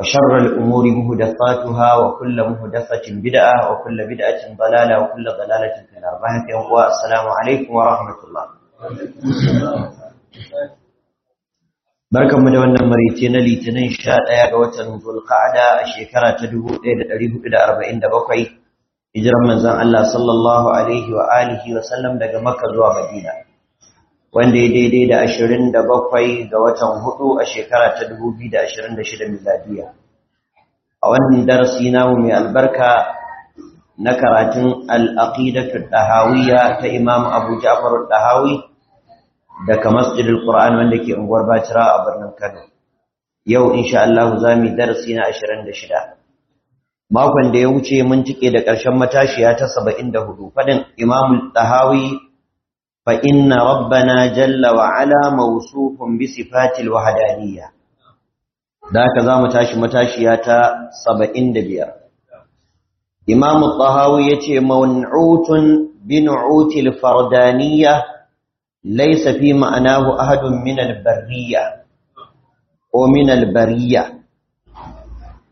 وشر الأمور مهدفاتها وكل مهدفة بدعة وكل بدعة ضلالة وكل ضلالة في النار السلام عليكم ورحمة الله mu da wannan marice na litinin sha ɗaya ga watan zulka'ada a shekara ta 1447 hijiran manzon Allah sallallahu alaihi wa alihi wa sallam daga Makka zuwa Madina wanda ya daidai da ashirin da bakwai ga watan hudu a shekara ta dubu biyu da ashirin da shida miladiya a wannan darasi namu mai albarka na karatun al'aqidatu ɗahawiyya ta imam abu ja'far ɗahawi daga masjidil qur'an wanda ke unguwar bacira a birnin kano yau insha Allah za mu darasi na ashirin da shida makon da ya wuce mun cike da ƙarshen matashiya ta saba'in da hudu faɗin imam ɗahawi فإن ربنا جل وعلا موصوف بصفات الوحدانية ذاك ذا متاش متاشيات سبعين دبير إمام الطهاوي منعوت بنعوت الفردانية ليس في معناه أحد من البرية ومن البرية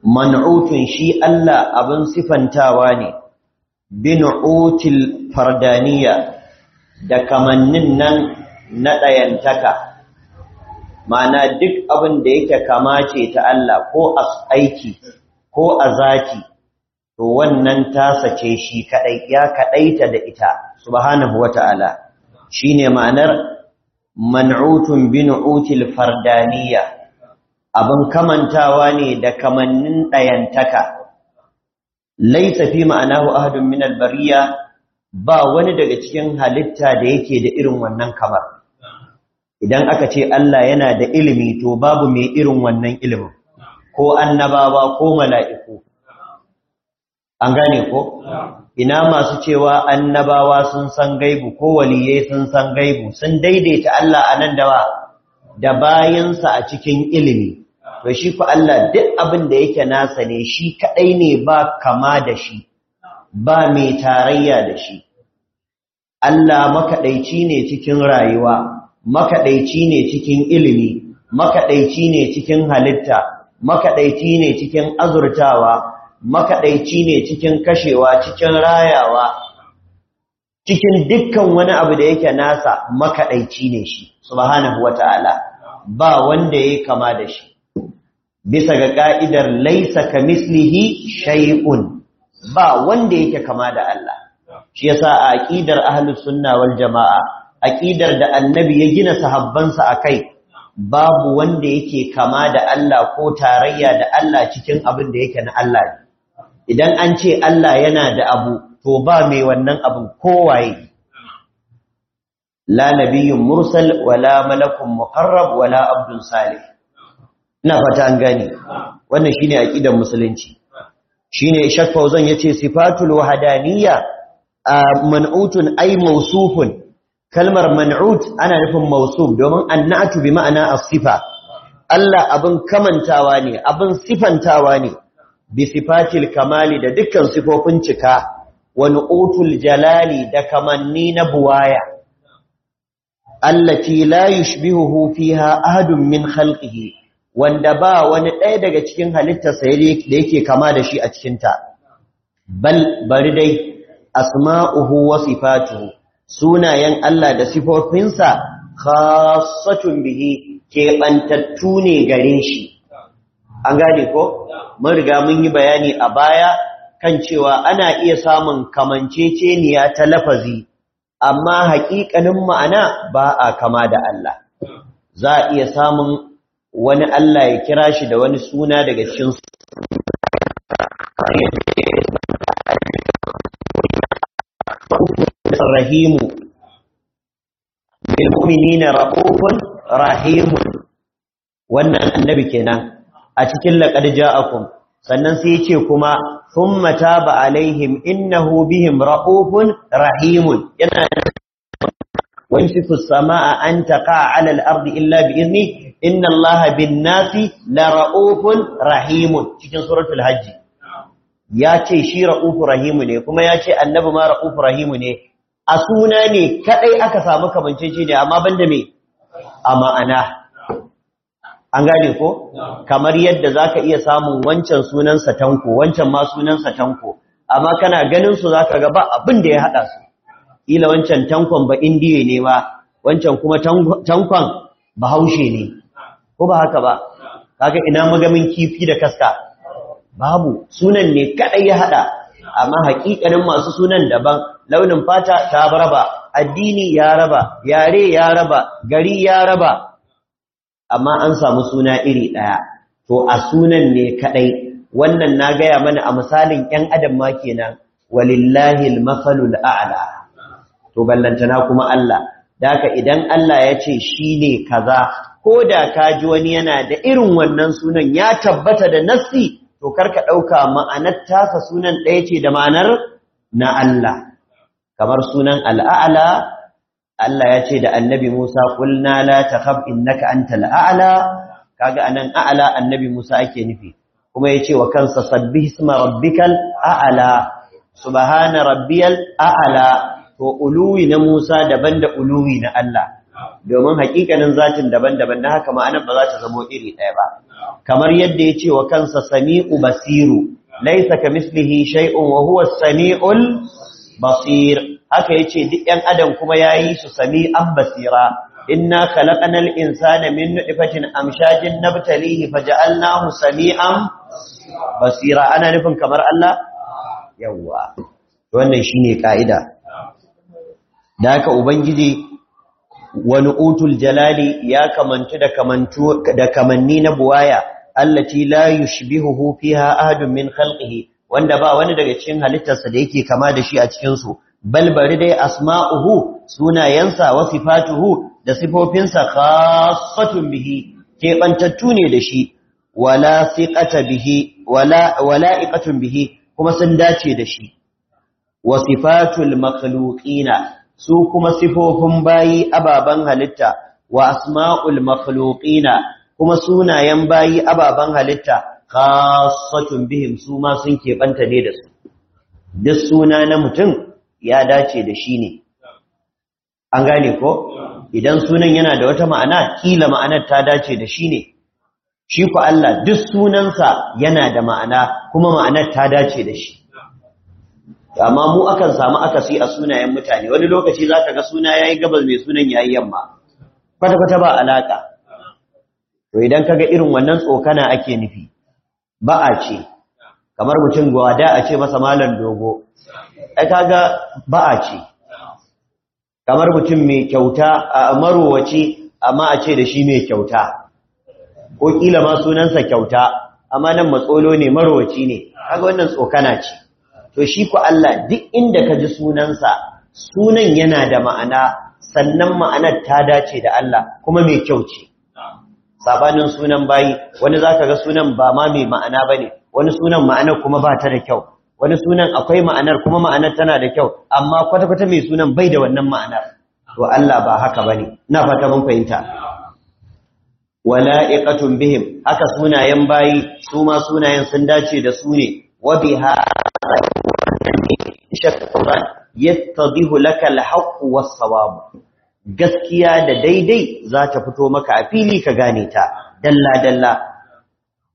منعوت شيء ألا أبن صفا تاواني بنعوت الفردانية da kamannin nan na ɗayantaka ma'ana duk abin da yake kama ce ta Allah ko a aiki ko a zaki, to wannan ta sace shi kadai ya kadaita da ita subhanahu wata'ala shine ma'anar man'utun nu'util fardaniya. abin kamantawa ne da kamannin ɗayantaka laisa fi ma'anahu ahadun min Bariya. ba wani daga cikin halitta da yake da irin wannan kamar idan aka ce Allah yana da ilimi to babu mai irin wannan ilimin ko annabawa ko mala'iku an gane ko ina masu cewa annabawa sun san gaibu ko waliyai sun san gaibu sun daidaita Allah anan da ba da bayansa a cikin ilimi to shi ku Allah duk abin da yake nasa ne shi kadai ne ba kama da shi ba mai tarayya da shi Allah makaɗaici ne cikin rayuwa, makaɗaici ne cikin ilimi, makaɗaici ne cikin halitta, makaɗaici ne cikin azurtawa, makaɗaici ne cikin kashewa, cikin rayawa, cikin dukkan wani abu da yake nasa makaɗaici ne shi, subhanahu wa ta'ala, ba wanda ya kama da shi. Bisa ga ƙa'idar laisa ka mislihi shay'un, ba wanda yake kama da Allah. shi yasa a aqidar ahlus sunna wal jamaa aqidar da annabi ya gina sahabbansa akai babu wanda yake kama da Allah ko tarayya da Allah cikin abin da yake na Allah idan an ce Allah yana da abu to ba mai wannan abin kowaye la nabiyyun mursal wala malakun muqarrab wala abdun salih ina fata an gane wannan shine aqidar musulunci shine shakka zan yace sifatul wahdaniyya man'utun ai mausufun kalmar man'ut ana nufin mausuf domin annatu bi ma'ana as-sifa Allah abin kamantawa ne abin sifantawa ne bi sifatil kamali da dukkan sifofin cika wa nu'utul jalali da kamanni na buwaya allati la yushbihuhu fiha ahadun min khalqihi wanda ba wani ɗaya daga cikin halittarsa da yake kama da shi a cikinta bal bari dai asma'uhu wa sifatuhu sunayen Allah da sifofinsa khassatun bihi keɓantattu ne gare shi an gane ko mun riga mun yi bayani a baya kan cewa ana iya samun kamanceceniya ta lafazi amma haƙiƙanin ma'ana ba a kama da Allah za a iya samun wani Allah ya kira shi da wani suna daga cikin rahimu bil mu'minina raufun rahimun wannan annabi kenan a cikin laqad ja'akum sannan sai yace kuma thumma taba alaihim innahu bihim raufun rahimu yana وانشفوا السماء أن تقع على الأرض إلا بإذنه إن الله بالناس لرؤوف رحيم cikin suratul الحج ya ce shi ra'ufu rahimu ne kuma ya ce annabi ma ra'ufu rahimu ne a suna ne kadai aka samu kamance shi ne amma banda me a ma'ana an gane ko kamar yadda zaka iya samun wancan sunansa tanko wancan ma sunansa tanko amma kana ganin su zaka ga ba abin da ya hada su ila wancan tankon ba indiye ne ba wancan kuma tankon bahaushe ne ko ba haka ba kaga ina magamin kifi da kaska babu sunan ne kadai ya hada amma hakikanin masu sunan daban launin fata ta raba addini ya raba yare ya raba gari ya raba amma an samu suna iri daya to a sunan ne kadai wannan na gaya mana a misalin yan adam ma kenan walillahi almasalul a'la to ballantana kuma Allah daka idan Allah ya ce shi ne kaza ko da ka ji wani yana da irin wannan sunan ya tabbata da nassi to karka ɗauka ma'anar tasa sunan ɗaya ce da ma'anar na Allah kamar sunan al'ala Allah ya ce da annabi Musa kulna la takhaf innaka antal a'la kaga anan a'la annabi Musa ake nufi kuma yace wa kansa sabbih isma rabbikal a'la subhana rabbiyal a'la to uluwi na Musa daban da uluwi na Allah domin hakikanin zatin daban-daban na haka ma'anar ba za ta zamo iri ɗaya ba kamar yadda ya ce wa kansa sami'u basiru laisa ka mislihi shay'un wa huwa sami'ul basir haka yace duk ƴan adam kuma yayi su sami'an basira inna khalaqnal insana min nutfatin amshajin nabtalihi faja'alnahu sami'an basira ana nufin kamar Allah yawa wannan shine kaida da haka ubangiji wani utul jalali ya kamantu da kamanni na buwaya allati la yushbihuhu fiha ahadun min khalqihi wanda ba wani daga cikin halittarsa da yake kama da shi a cikin su bal bari dai asma'uhu sunayensa wa sifatuhu da sifofinsa khassatun bihi keɓantattu ne da shi wala siqata bihi wala wala'iqatun bihi kuma sun dace da shi wa sifatul makhluqina su kuma sifofin bayi ababan halitta wa asma'ul makhluqina kuma sunayen bayi ababan halitta khassatun bihim su ma sun kebanta ne da su duk suna na mutum ya dace da shi ne an gane ko idan sunan yana da wata ma'ana kila ma'anar ta dace da shi ne shi ku Allah duk sunansa yana da ma'ana kuma ma'anar ta dace da shi amma mu akan samu akasi a sunayen mutane wani lokaci za ka ga suna ya yi mai sunan yayi yamma kwata-kwata ba alaƙa to idan ka ga irin wannan tsokana ake nufi ba a ce kamar mutum gwada a ce masa malam dogo ai kaga ba a ce kamar mutum mai kyauta a marowaci amma a ce da shi mai kyauta ko kila ma sunansa kyauta amma nan matsolo ne marowaci ne kaga wannan tsokana ce to shi ku Allah duk inda ka ji sunansa sunan yana da ma'ana sannan ma'anar ta dace da Allah kuma mai kyau ce sabanin sunan bayi wani zaka ga sunan ba ma mai ma'ana bane wani sunan ma'anar kuma ba ta da kyau wani sunan akwai ma'anar kuma ma'anar tana da kyau amma kwata-kwata mai sunan bai da wannan ma'anar to Allah ba haka bane ina fata mun fahimta wala'iqatun bihim haka sunayen bayi su ma sunayen sun dace da su ne wa biha gaskiya da daidai za ta fito maka a fili ka gane ta dalla dalla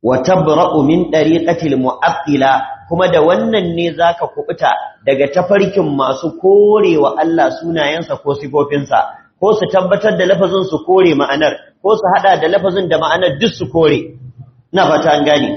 wa tabra'u min tariqatil muattila kuma da wannan ne zaka kubuta daga tafarkin masu korewa Allah sunayensa ko sifofinsa ko su tabbatar da lafazin su kore ma'anar ko su hada da lafazin da ma'anar duk su kore na fata an gane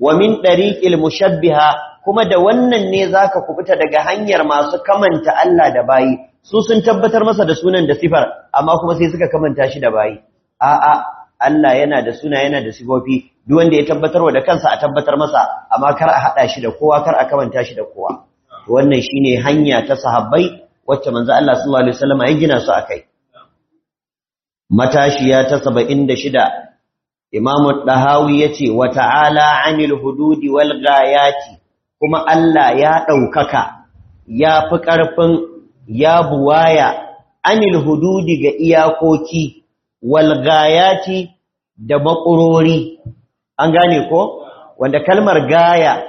wa min tariqil mushabbiha kuma da wannan ne zaka kubuta daga hanyar masu kamanta Allah da bayi su sun tabbatar masa da sunan da sifar amma kuma sai suka kamanta shi da bayi a'a Allah yana da suna yana da sifofi duk wanda ya tabbatarwa da kansa a tabbatar masa amma kar a hada shi da kowa kar a kamanta shi da kowa wannan shine hanya ta sahabbai wacce manzo Allah sallallahu alaihi wasallam ya gina su akai matashiya ta 76 imamu dahawi yace wa ta'ala anil hududi wal ghayati kuma Allah ya ɗaukaka ya fi ƙarfin ya buwaya anil hududi ga iyakoki walgayaci, da makurori an gane ko wanda kalmar gaya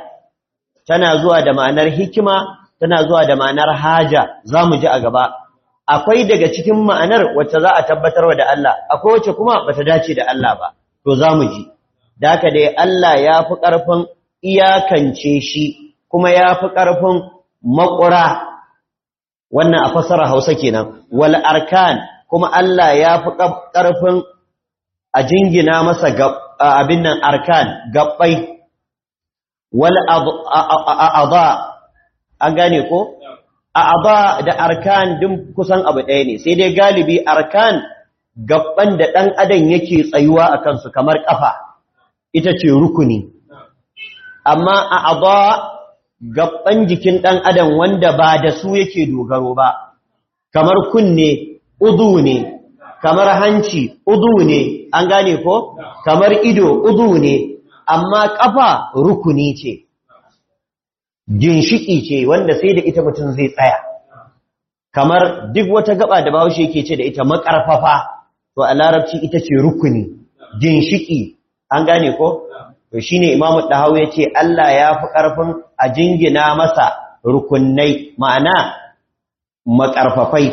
tana zuwa da ma'anar hikima tana zuwa da ma'anar haja za mu ji a gaba akwai daga cikin ma'anar wacce za a tabbatarwa da Allah akwai wacce kuma ba ta dace da Allah ba to za mu ji da haka dai Allah ya fi ƙarfin iyakance shi kuma ya fi ƙarfin maƙura wannan a fasara hausa kenan wal arkan kuma Allah ya fi ƙarfin a jingina masa abin nan arkan gabbai wal an gane ko a'aba da arkan din kusan abu ɗaya ne sai dai galibi arkan gabban da ɗan adam yake tsayuwa a kansu kamar ƙafa ita ce rukuni amma a'aba Gabban jikin ɗan adam wanda ba da su yake dogaro ba kamar kunne udu ne kamar hanci udu ne an gane ko kamar ido udu ne amma ƙafa rukuni ce ginshiki ce wanda sai da ita mutum zai tsaya kamar duk wata gaba da bahaushe shi ce da ita makarfafa to a larabci ita ce rukuni ginshiki an gane ko to shine imamu ya ce Allah ya fi ƙarfin. a jingina masa rukunai ma'ana makarfafai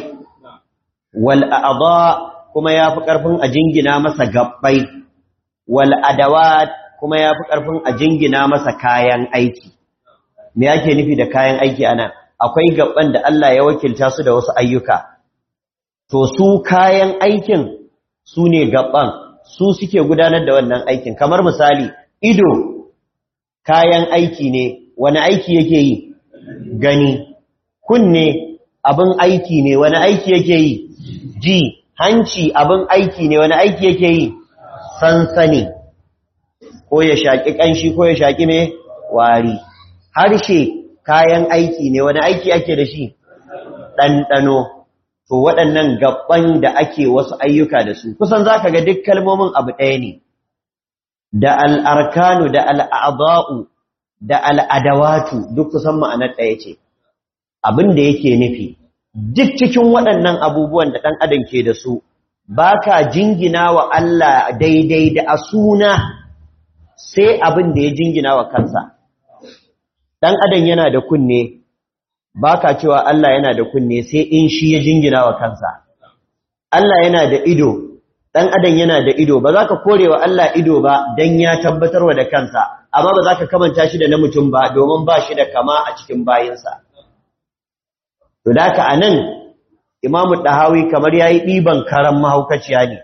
wal a'dha kuma yafi karfin a jingina masa gabbai wal adawat kuma yafi karfin a jingina masa kayan aiki me yake nufi da kayan aiki anan akwai gabban da Allah ya wakilta su da wasu ayyuka to su kayan aikin su ne gabban su suke gudanar da wannan aikin kamar misali ido kayan aiki ne wani aiki yake yi gani kunne abin aiki ne wani aiki yake yi ji hanci abin aiki ne wani aiki yake yi sansani ko ya shaƙi ƙanshi ko ya shaƙi ne wari harshe kayan aiki ne wani aiki ake da shi ɗanɗano to waɗannan gaban da ake wasu ayyuka da su kusan za ka ga duk kalmomin abu ɗaya ne da al'arkanu da al'aba'u da al'adawatu duk kusan ma'anar ɗaya ce abin da yake nufi duk cikin waɗannan abubuwan da ɗan adam ke da su ba ka jingina wa Allah daidai da a suna sai abin da ya jingina wa kansa ɗan adam yana da kunne ba ka cewa Allah yana da kunne sai in shi ya jingina wa kansa Allah yana da ido dan adam yana da ido ba za ka korewa Allah ido ba dan ya tabbatarwa da kansa amma ba za ka kamanta shi da na mutum ba domin ba shi da kama a cikin bayinsa to da ka anan imamu dahawi kamar yayi diban karan mahaukaciya ne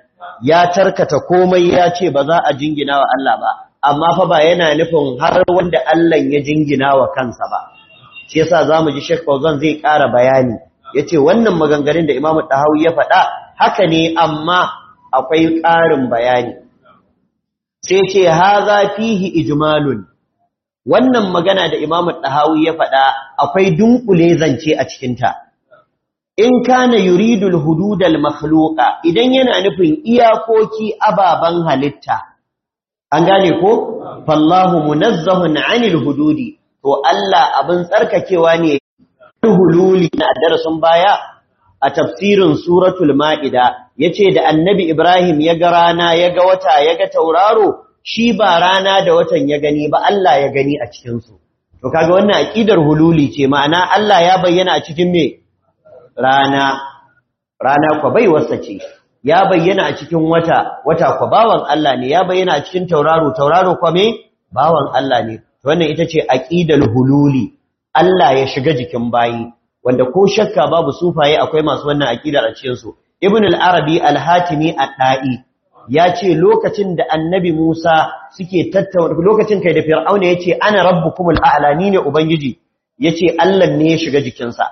ya tarkata komai ya ce ba za a jingina wa Allah ba amma fa ba yana nufin har wanda Allah ya jingina wa kansa ba shi yasa zamu ji Sheikh Fauzan zai ƙara bayani yace wannan maganganun da Imam Tahawi ya faɗa haka ne amma akwai ƙarin bayani sai ce haza fihi ijmalun wannan magana da imamu ɗahawi ya faɗa akwai dunkule zance a cikin ta in kana yuridul hududal makhluqa idan yana nufin iyakoki ababan halitta an gane ko fallahu munazzahun anil hududi to Allah abin tsarkakewa ne hululi na darasin baya a tafsirin suratul ma'ida ce da annabi Ibrahim ya ga rana ya ga wata ya ga tauraro shi ba rana da watan ya gani ba Allah ya gani a cikin to kaga wannan aqidar hululi ce ma'ana Allah ya bayyana a cikin me rana rana ko bai wasa ce ya bayyana a cikin wata wata ko bawan Allah ne ya bayyana a cikin tauraro tauraro ko me bawan Allah ne wannan ita ce aƙidar hululi Allah ya shiga jikin bayi wanda ko shakka babu sufaye akwai masu wannan aqida a cikin su ibn al-arabi al-hatimi al dai ya ce lokacin da annabi Musa suke tattauna lokacin kai da Fir'auna yace ana rabbu a'la ni ne ubangiji yace Allah ne ya shiga jikinsa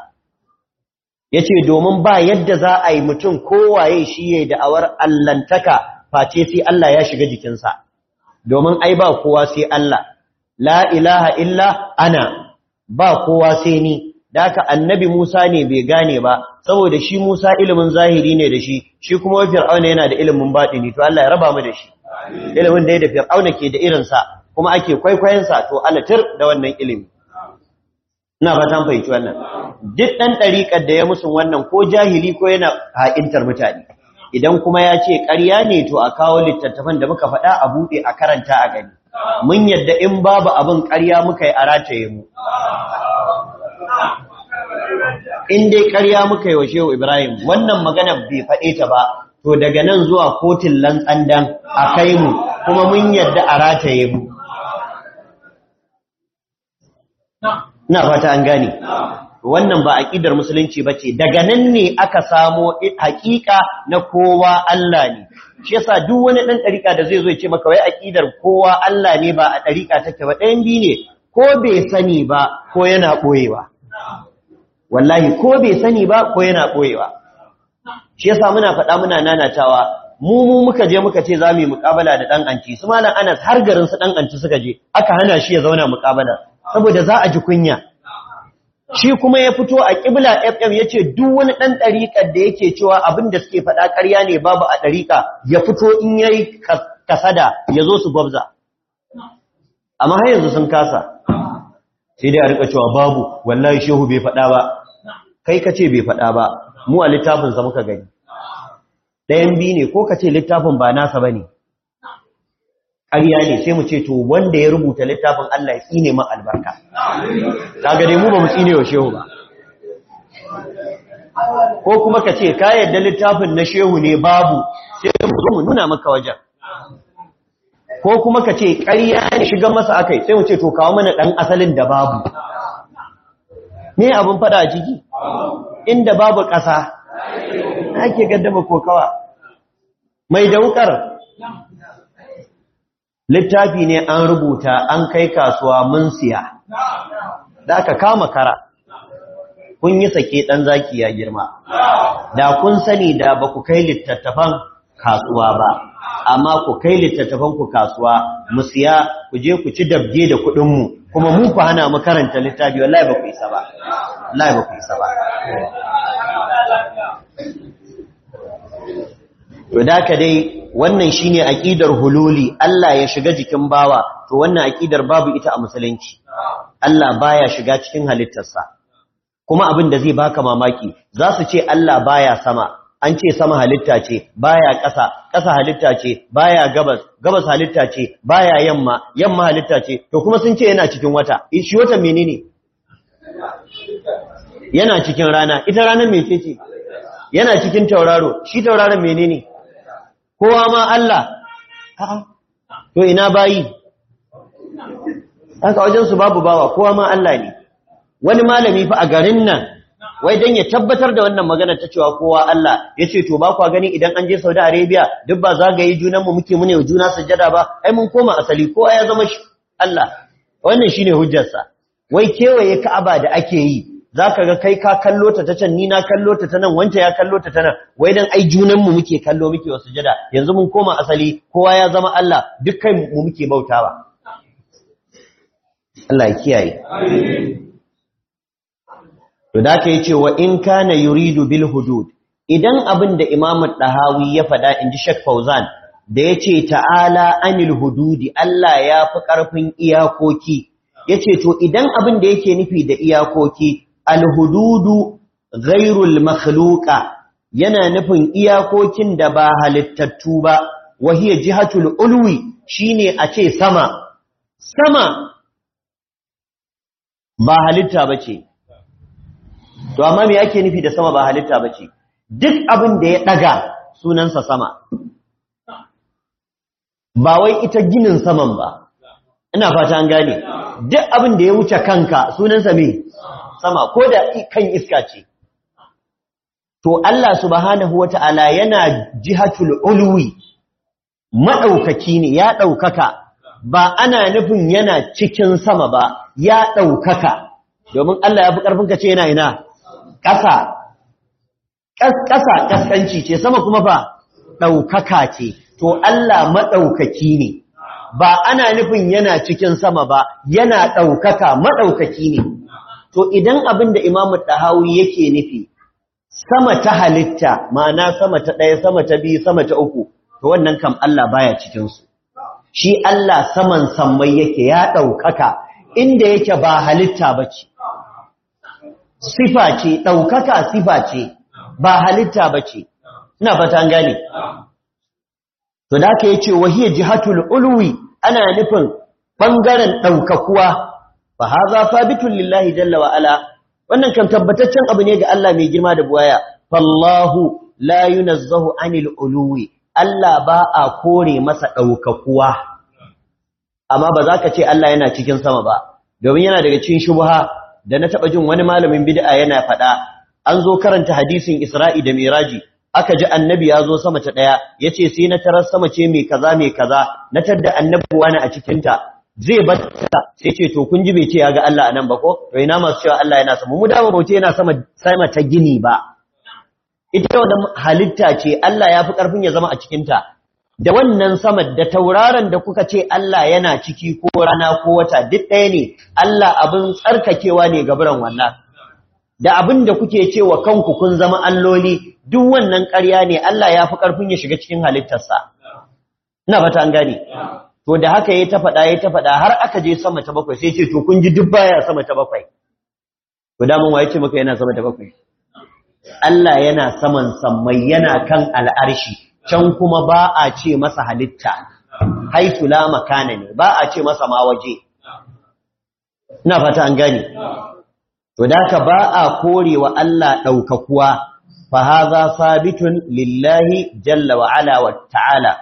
yace domin ba yadda za a yi mutum kowaye shi yayin da awar allantaka face sai Allah ya shiga jikinsa domin ai ba kowa sai Allah la ilaha illa ana ba kowa sai ni daka annabi Musa ne bai gane ba saboda shi Musa ilimin zahiri ne da shi shi kuma fir'auna yana da ilimin baɗi ne, to Allah ya raba mu da shi ilimin da ya da fir'auna ke da irin sa kuma ake kwaikwayon sa to alatir da wannan ilimi ina fatan fahimci wannan duk ɗan dariƙar da ya musu wannan ko jahili ko yana ha'intar mutane idan kuma ya ce ƙarya ne to a kawo littattafan da muka faɗa a buɗe a karanta a gani mun yadda in babu abin ƙarya muka yi a rataye mu in dai ƙarya muka yi wa shehu ibrahim wannan maganar bai faɗe ta ba to daga nan zuwa kotun lantsandan a kai mu kuma mun yadda a rataye mu na fata an gane wannan ba aƙidar musulunci ba ce daga nan ne aka samo haƙiƙa na kowa Allah ne shi yasa duk wani ɗan ɗariƙa da zai zo ya ce maka wai aƙidar kowa Allah ne ba a ɗariƙa take ba ɗayan biyu ne ko bai sani ba ko yana ɓoyewa wallahi ko bai sani ba ko yana koyewa shi yasa muna faɗa muna nanatawa mu mu muka je muka ce zamu yi muƙabala da dan anti su malam Anas har garin su dan anti suka je aka hana shi ya zauna muƙabala saboda za a ji kunya shi kuma ya fito a Kibla FM yace duk wani ɗan ɗariƙar da yake cewa abin da suke faɗa ƙarya ne babu a ɗariƙa ya fito in yayi kasada ya zo su gwabza. Amma har yanzu sun kasa. sai dai a rika cewa babu wallahi shehu bai faɗa ba kai ka bai faɗa ba mu a littafin sa muka gani ɗayan bi ne ko ka ce littafin ba nasa ba ne ƙarya ne sai mu ce to wanda ya rubuta littafin Allah ya tsine ma albarka daga dai mu ba mu tsine wa shehu ba ko kuma kace ka yadda littafin na shehu ne babu sai mu zo mu nuna maka wajen ko kuma ka ce ƙarya ne shiga masa akai sai mu ce to kawo mana ɗan asalin da babu ne abin fada a ciki inda babu ƙasa ake ko kokawa mai daukar littafi ne an rubuta an kai kasuwa mun siya da aka kama kara kun yi sake ɗan zaki ya girma da kun sani da ba ku kai littattafan kasuwa ba amma ku kai littattafan ku kasuwa mu siya ku je ku ci dabge da kuɗin mu kuma mu ku hana mu karanta littafi wallahi ba ku isa ba wallahi ba ku isa ba to da ka dai wannan shine aqidar hululi Allah ya shiga jikin bawa to wannan aqidar babu ita a musulunci Allah baya shiga cikin halittarsa kuma abin da zai baka mamaki za su ce Allah baya sama an ce sama halitta ce baya ƙasa ƙasa halitta ce baya gabas gabas halitta ce baya yamma yamma halitta ce to kuma sun ce yana cikin wata shi wata menene yana cikin rana ita ranar mece ce yana cikin tauraro shi tauraron menene kowa ma Allah a'a to ina bayi haka wajen su babu bawa kowa ma Allah ne wani malami fa a garin nan wai dan ya tabbatar da wannan magana ta cewa kowa Allah yace to ba kwa gani idan an je Saudi Arabia duk ba zagaye junan mu muke mune juna sajjada ba ai mun koma asali kowa ya zama shi Allah wannan shine sa wai kewaye Ka'aba da ake yi zaka ga kai ka kallo ta ta ni na kallo ta ta nan ya kallo ta ta wai dan ai junan mu muke kallo muke wasu jada yanzu mun koma asali kowa ya zama Allah duk kai mu muke bautawa Allah ya kiyaye to da ka yace wa in kana yuridu bil hudud idan abin da imamun Dahawi ya fada inji Sheikh Fauzan da ya ce ta'ala anil hududi Allah ya fi ƙarfin iyakoki ya ce to idan abin da yake nufi da iyakoki al hududu ghairul makhluqa yana nufin iyakokin da ba halittattu ba wahiya jihatul ulwi shine a ce sama sama ba halitta bace to amma me ake nufi da sama ba halitta bace duk abin da ya daga sunansa sama ba wai ita ginin saman ba ina fata an gane duk abin da ya wuce kanka sunansa me sama ko da kan iska ce to Allah subhanahu wata'ala yana jihatul ulwi madaukaki ne ya daukaka ba ana nufin yana cikin sama ba ya daukaka domin Allah ya fi karfin ka ce yana ina ƙasa ƙasa ƙasƙanci ce sama kuma ba ɗaukaka ce to Allah maɗaukaki ne ba ana nufin yana cikin sama ba yana ɗaukaka maɗaukaki ne to idan abin da imamu hau yake nufi sama ta halitta ma'ana sama ta ɗaya sama ta biyu sama ta uku to wannan kam Allah baya cikinsu shi Allah saman sammai yake ya ɗaukaka inda yake ba halitta ba ce sifa ce ɗaukaka sifa ce ba halitta ba ce ina fata gane to da ka yace wahiyya jihatul ulwi ana nufin bangaren ɗaukakuwa fa hadha thabitun lillahi jalla wa ala wannan kan tabbataccen abu ne ga Allah mai girma da buwaya fallahu la yunazzahu anil ulwi Allah ba a kore masa ɗaukakuwa amma ba za ka ce Allah yana cikin sama ba domin yana daga cikin shubha da na taba jin wani malamin bid'a yana faɗa an zo karanta hadisin Isra'i da Miraji aka ji annabi ya zo sama ta daya ya ce sai na tarar sama ce mai kaza mai kaza na tadda annabi wani a cikinta zai bata sai ce to kun ji bai ce ya ga Allah a nan ba ko to ina masu cewa Allah yana sama mu da ba yana sama sama ta gini ba ita wannan halitta ce Allah ya fi ƙarfin ya zama a cikin ta da wannan saman da tauraron da kuka ce Allah yana ciki ko rana ko wata duk ɗaya ne Allah abin tsarkakewa ne gaburan wannan da abin da kuke cewa kanku kun zama alloli duk wannan ƙarya ne Allah ya fi ƙarfin ya shiga cikin halittarsa ina fata an gane to da haka yayi ta faɗa yayi ta faɗa har aka je sama ta bakwai sai ce to kun ji duk baya sama ta bakwai to da mun waye ce maka yana sama ta bakwai Allah yana saman sammai yana kan al'arshi can kuma ba a ce masa halitta haitu la makana ne ba a ce masa ma waje ina fata an gani. to daka ba a korewa Allah daukakuwa fa hadha sabitun lillahi jalla wa ala wa ta'ala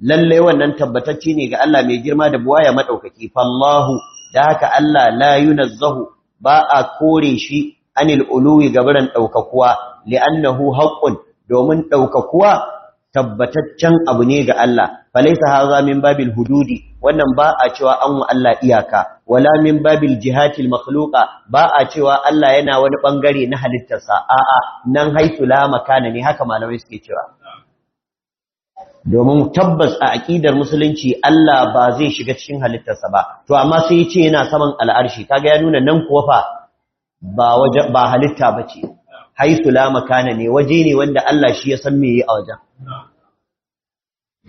lalle wannan tabbatacce ne ga Allah mai girma da buwaya madaukaki fallahu da haka Allah la yunazzahu ba a kore shi anil uluwi gabaran daukakuwa li'annahu haqqun domin daukakuwa tabbataccen abu ne ga Allah falaisa hadha min babil hududi wannan ba a cewa an wa Allah iyaka wala min babil jihatil makhluqa ba a cewa Allah yana wani bangare na halittarsa a'a nan haitu la makana ne haka malamai suke cewa domin tabbas a aqidar musulunci Allah ba zai shiga cikin halittarsa ba to amma sai ya ce yana saman al'arshi kaga ya nuna nan kuwa fa ba waje ba halitta bace haisu la makana ne waje ne wanda Allah shi ya san me yi a wajen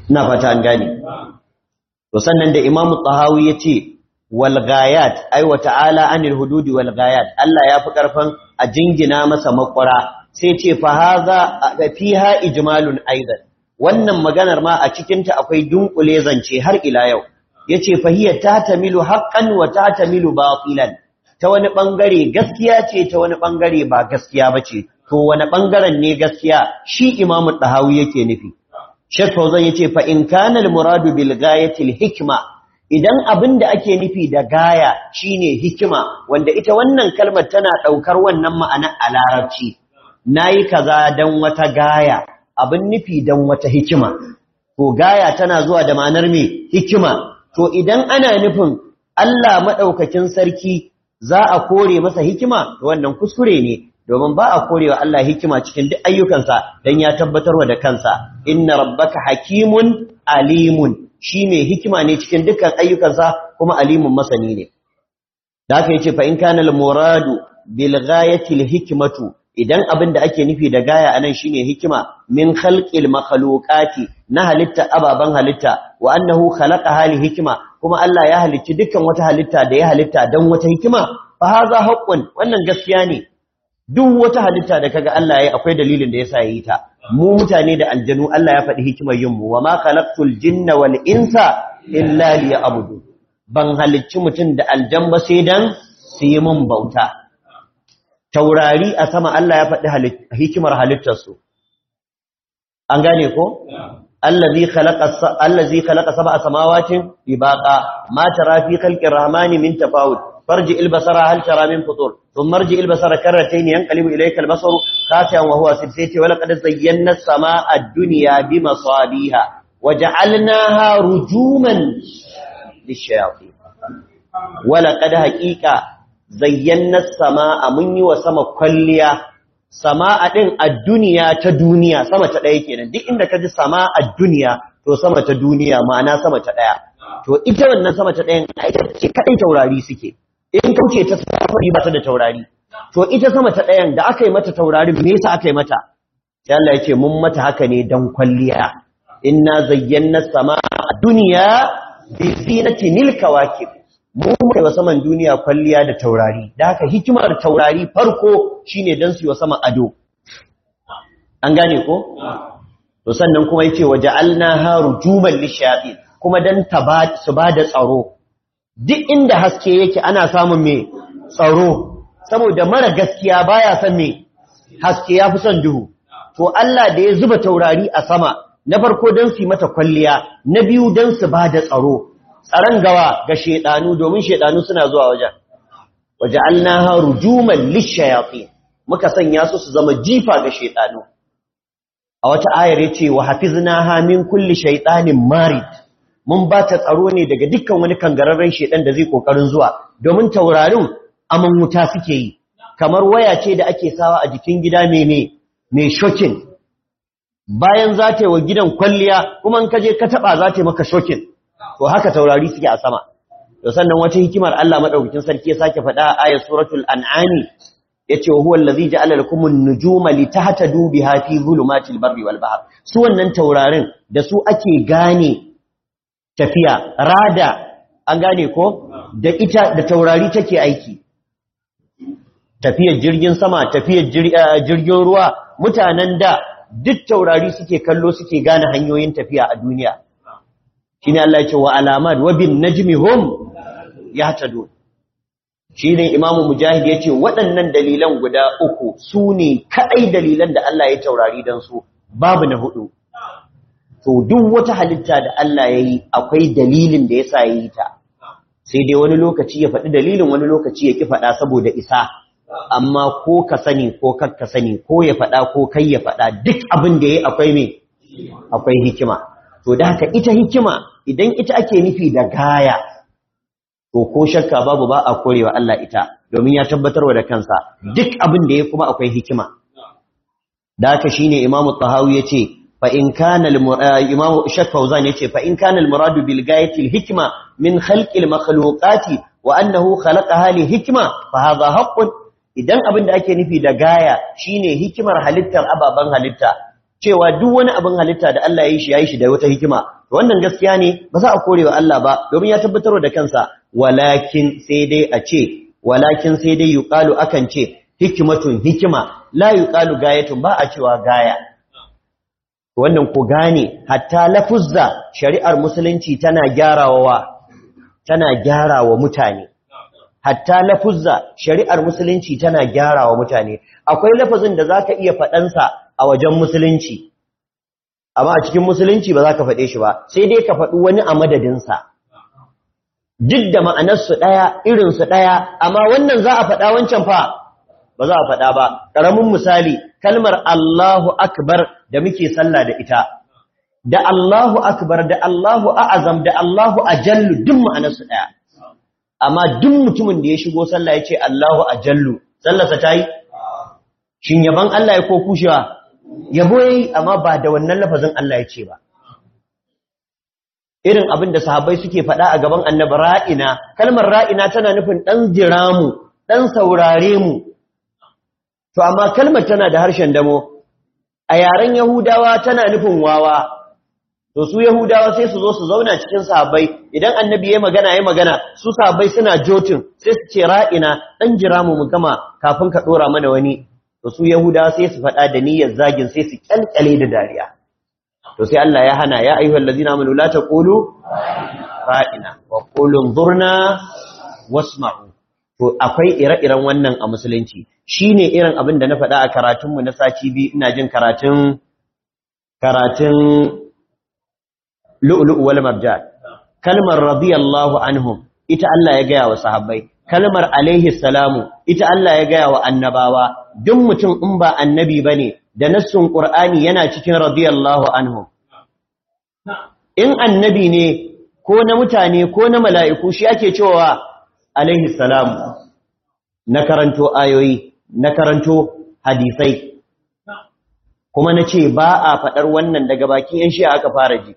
ina fata an gane to sannan da imamu tahawi yace wal ghayat ay wa ta'ala anil hududi wal ghayat Allah ya fi karfan a jingina masa makwara sai ce fa hadha fiha ijmalun aidan wannan maganar ma a cikinta akwai dunkule zance har ila yau yace fahiya tatamilu haqqan wa tatamilu batilan ta wani bangare gaskiya ce ta wani ɓangare ba gaskiya ba ce to wani bangaren ne gaskiya shi imamu ɗahawu yake nufi Sheikh Fauzan yace fa in kanar muradu bil ghayatil hikima? idan abin da ake nufi da gaya shine hikima wanda ita wannan kalmar tana ɗaukar wannan ma'ana a larabci nayi kaza don wata gaya abin nufi don wata hikima ko gaya tana zuwa da ma'anar mai hikima to idan ana nufin Allah Maɗaukakin sarki za a kore masa hikima wannan kuskure ne domin ba a korewa Allah hikima cikin duk ayyukansa dan ya tabbatarwa da kansa inna rabbaka hakimun alimun shi mai hikima ne cikin dukkan ayyukansa kuma alimun masani ne da haka yace fa in kana al-muradu bil ghayati al-hikmatu idan abin da ake nufi da gaya anan shine hikima min khalqil makhluqati na halitta ababan halitta wa annahu khalaqa hali hikima kuma Allah ya halicci dukkan wata halitta da ya halitta don wata hikima fa haza haqqun wannan gaskiya ne duk wata halitta da kaga Allah ya yi akwai dalilin da yasa yayi ta mu mutane da aljanu Allah ya faɗi hikimar yin mu wama khalaqtul jinna wal insa illa du ban halicci mutum da aljan ba sai dan su yi mun bauta taurari a sama Allah ya faɗi hikimar halittarsu an gane ko allazi khalaqa allazi khalaqa sab'a samawatin bibaqa ma tara fi khalqi rahmani min tafawut farji ilbasara hal tara min futur thumma arji albasara karratayn yanqalibu ilayka albasaru khati'an wa huwa sidsayti wa laqad zayyana as-samaa ad-dunya bimasabiha waja'alnaha rujuman lish-shayatin wa laqad haqiqa zayyana as-samaa mun wa sama kwalliya. sama'a ɗin a duniya ta duniya sama ta ɗaya kenan duk inda ka ji sama a duniya to sama ta duniya ma'ana sama ta ɗaya. to ita wannan sama ta ɗayan a ita ce kaɗai taurari suke in kauce ta safari ba ta da taurari to ita sama ta ɗayan da aka yi mata taurarin me yasa aka yi mata sai Allah yake mun mata haka ne dan kwalliya inna zayyana samaa duniya dunya bi zinatin kawakib mu kuma wa saman duniya kwalliya da taurari da haka hikimar taurari farko shine dan su yi wa sama ado an gane ko to sannan kuma yace waja'alna harujuman nishaɗi kuma dan su ba da tsaro duk inda haske yake ana samun me tsaro saboda mara gaskiya baya son me haske ya fi son duhu to Allah da ya zuba taurari a sama na farko dan su yi mata kwalliya na biyu dan su ba da tsaro tsaron gawa ga shaiɗanu domin shaiɗanu suna zuwa wajen waja'alnaha rujuman lishayafi muka sanya su su zama jifa ga shaiɗanu. a wata ayar yace wa na min kulli shaidanin marid mun ba ta tsaro ne daga dukkan wani kangararren shaiɗan da zai kokarin zuwa domin taurarin aman wuta suke yi kamar waya ce da ake sawa a jikin gida mene mai shokin bayan za ta yi wa gidan kwalliya kuma in ka je ka taba za ta yi maka shokin to haka taurari suke a sama to sannan wata hikimar Allah madaukakin sarki ya sake faɗa a ayat suratul an'ami yace huwa allazi ja'ala lakum an-nujuma litahtadu biha fi zulumatil barri wal bahr su wannan taurarin da su ake gane tafiya rada an gane ko da ita da taurari take aiki tafiyar jirgin sama tafiyar eh, jirgin ruwa mutanen da duk taurari suke kallo suke gane hanyoyin tafiya a duniya shine Allah yake wa alamad wa bin najmi hum shi shine imamu Mujahid yace waɗannan dalilan guda uku su ne kaɗai dalilan da Allah ya taurari don su babu na hudu to duk wata halitta da Allah ya yi akwai dalilin da ya ya yi ta sai dai wani lokaci ya faɗi dalilin wani lokaci ya ki faɗa saboda isa amma ko ka sani ko kar ka sani ko ya faɗa ko kai ya faɗa duk abin da yi akwai me akwai hikima to da haka ita hikima idan ita ake nufi da gaya to ko shakka babu ba a korewa Allah ita domin ya tabbatarwa da kansa duk abin da ya kuma akwai hikima da haka shine Imam Tahawi yace fa in kana eh, Imam Shaykh yace fa in kana al-murad bil gayati al-hikma min khalq al-makhluqati wa annahu khalaqaha li hikma fa hadha haqqun idan abin da ake nufi da gaya shine hikimar halittar ababan halitta cewa duk wani abin halitta da Allah ya yi shi ya yi shi da wata hikima wannan gaskiya ne ba za a kore wa Allah ba domin ya tabbatar da kansa walakin sai dai a ce walakin sai dai yuqalu akan ce hikimatun hikima la yuqalu gayatun ba a cewa gaya wannan ku gane hatta lafuzza shari'ar musulunci tana gyarawa tana gyarawa mutane hatta lafuzza shari'ar musulunci tana gyarawa mutane akwai lafazin da zaka iya faɗansa a wajen musulunci amma a cikin musulunci ba za ka faɗe shi ba sai dai ka faɗi wani a madadinsa duk da ma'anarsu ɗaya irinsu ɗaya amma wannan za a faɗa wancan fa ba za a faɗa ba ƙaramin misali kalmar Allahu akbar da muke sallah da ita da Allahu akbar da Allahu a'azam da Allahu ajallu duk ma'anarsu ɗaya amma duk mutumin da ya shigo sallah ya ce Allahu ajallu sallarsa ta yi shin yaban Allah ya ko kushewa yabo yi amma ba da wannan lafazin Allah ya ce ba irin abin da sahabbai suke faɗa a gaban annabi ra'ina kalmar ra'ina tana nufin dan jiramu dan saurare mu to amma kalmar tana da harshen damo a yaren yahudawa tana nufin wawa to su yahudawa sai su zo su zauna cikin sahabbai idan annabi ya magana ya magana su sahabbai suna jotin sai su ce ra'ina ɗan jiramu mu mu gama kafin ka ɗora mana wani to su yahudawa sai su faɗa da niyyar zagin sai su kyalkyale da dariya to sai Allah ya hana ya ayyuhal ladzina amanu la taqulu ra'ina wa qulu zurna wasma'u to akwai ire-iren wannan a musulunci shine irin abin da na faɗa a karatun mu na sati bi ina jin karatun karatun lu'lu'u wal marjan kalmar radiyallahu anhum ita Allah ya gaya wa sahabbai kalmar alaihi salamu ita Allah ya gaya wa annabawa duk mutum in ba annabi bane da nassun qur'ani yana cikin radiyallahu anhu in annabi ne ko na mutane ko na mala'iku shi ake cewa alaihi salamu na karanto ayoyi na karanto hadisai kuma na ce ba a faɗar wannan daga bakin yan shi aka fara ji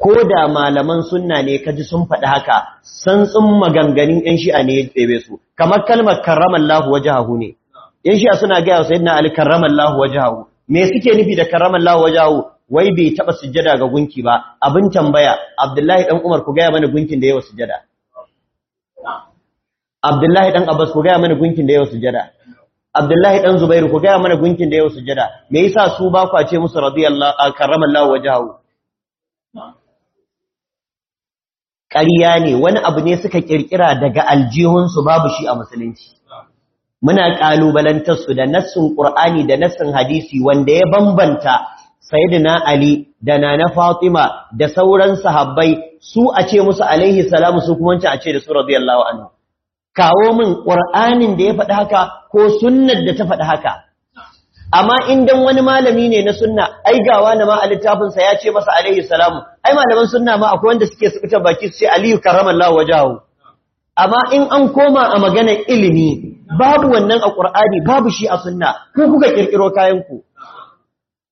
ko da malaman sunna ne ka ji sun faɗi haka santsin maganganun yan shi'a ne ya ɗebe su kamar kalmar karramallahu wajahu ne Ƴan shi'a suna gaya wa sayyidina ali karramallahu wajahu me suke nufi da karramallahu wajahu wai bai taɓa sujjada ga gunki ba abin tambaya abdullahi dan umar ku gaya mana gunkin da yawa sujjada abdullahi dan abbas ku gaya mana gunkin da yawa sujjada Abdullahi dan Zubairu ku gaya mana gunkin da yawa sujjada. me yasa su ba a ce musu radiyallahu karramallahu wajahu ƙarya ne wani abu ne suka ƙirƙira daga aljihunsu babu shi a musulunci muna ƙalubalantarsu da nassun ƙur'ani da nassun hadisi wanda ya bambanta sayyidina ali da nana fatima da sauran sahabbai su a ce musu alaihi salamu su kuma a ce da su radiyallahu anhu kawo min ƙur'anin da ya faɗi haka ko sunnar da ta faɗi haka amma indan wani malami ne na sunna ai ga na ma a littafinsa ya ce masa alaihi salamu ai malaman sunna ma akwai wanda suke sukuta baki su ce aliyu karramallahu wajahu amma in an koma a maganar ilimi babu wannan a qur'ani babu shi a sunna ku kuka kirkiro kayan ku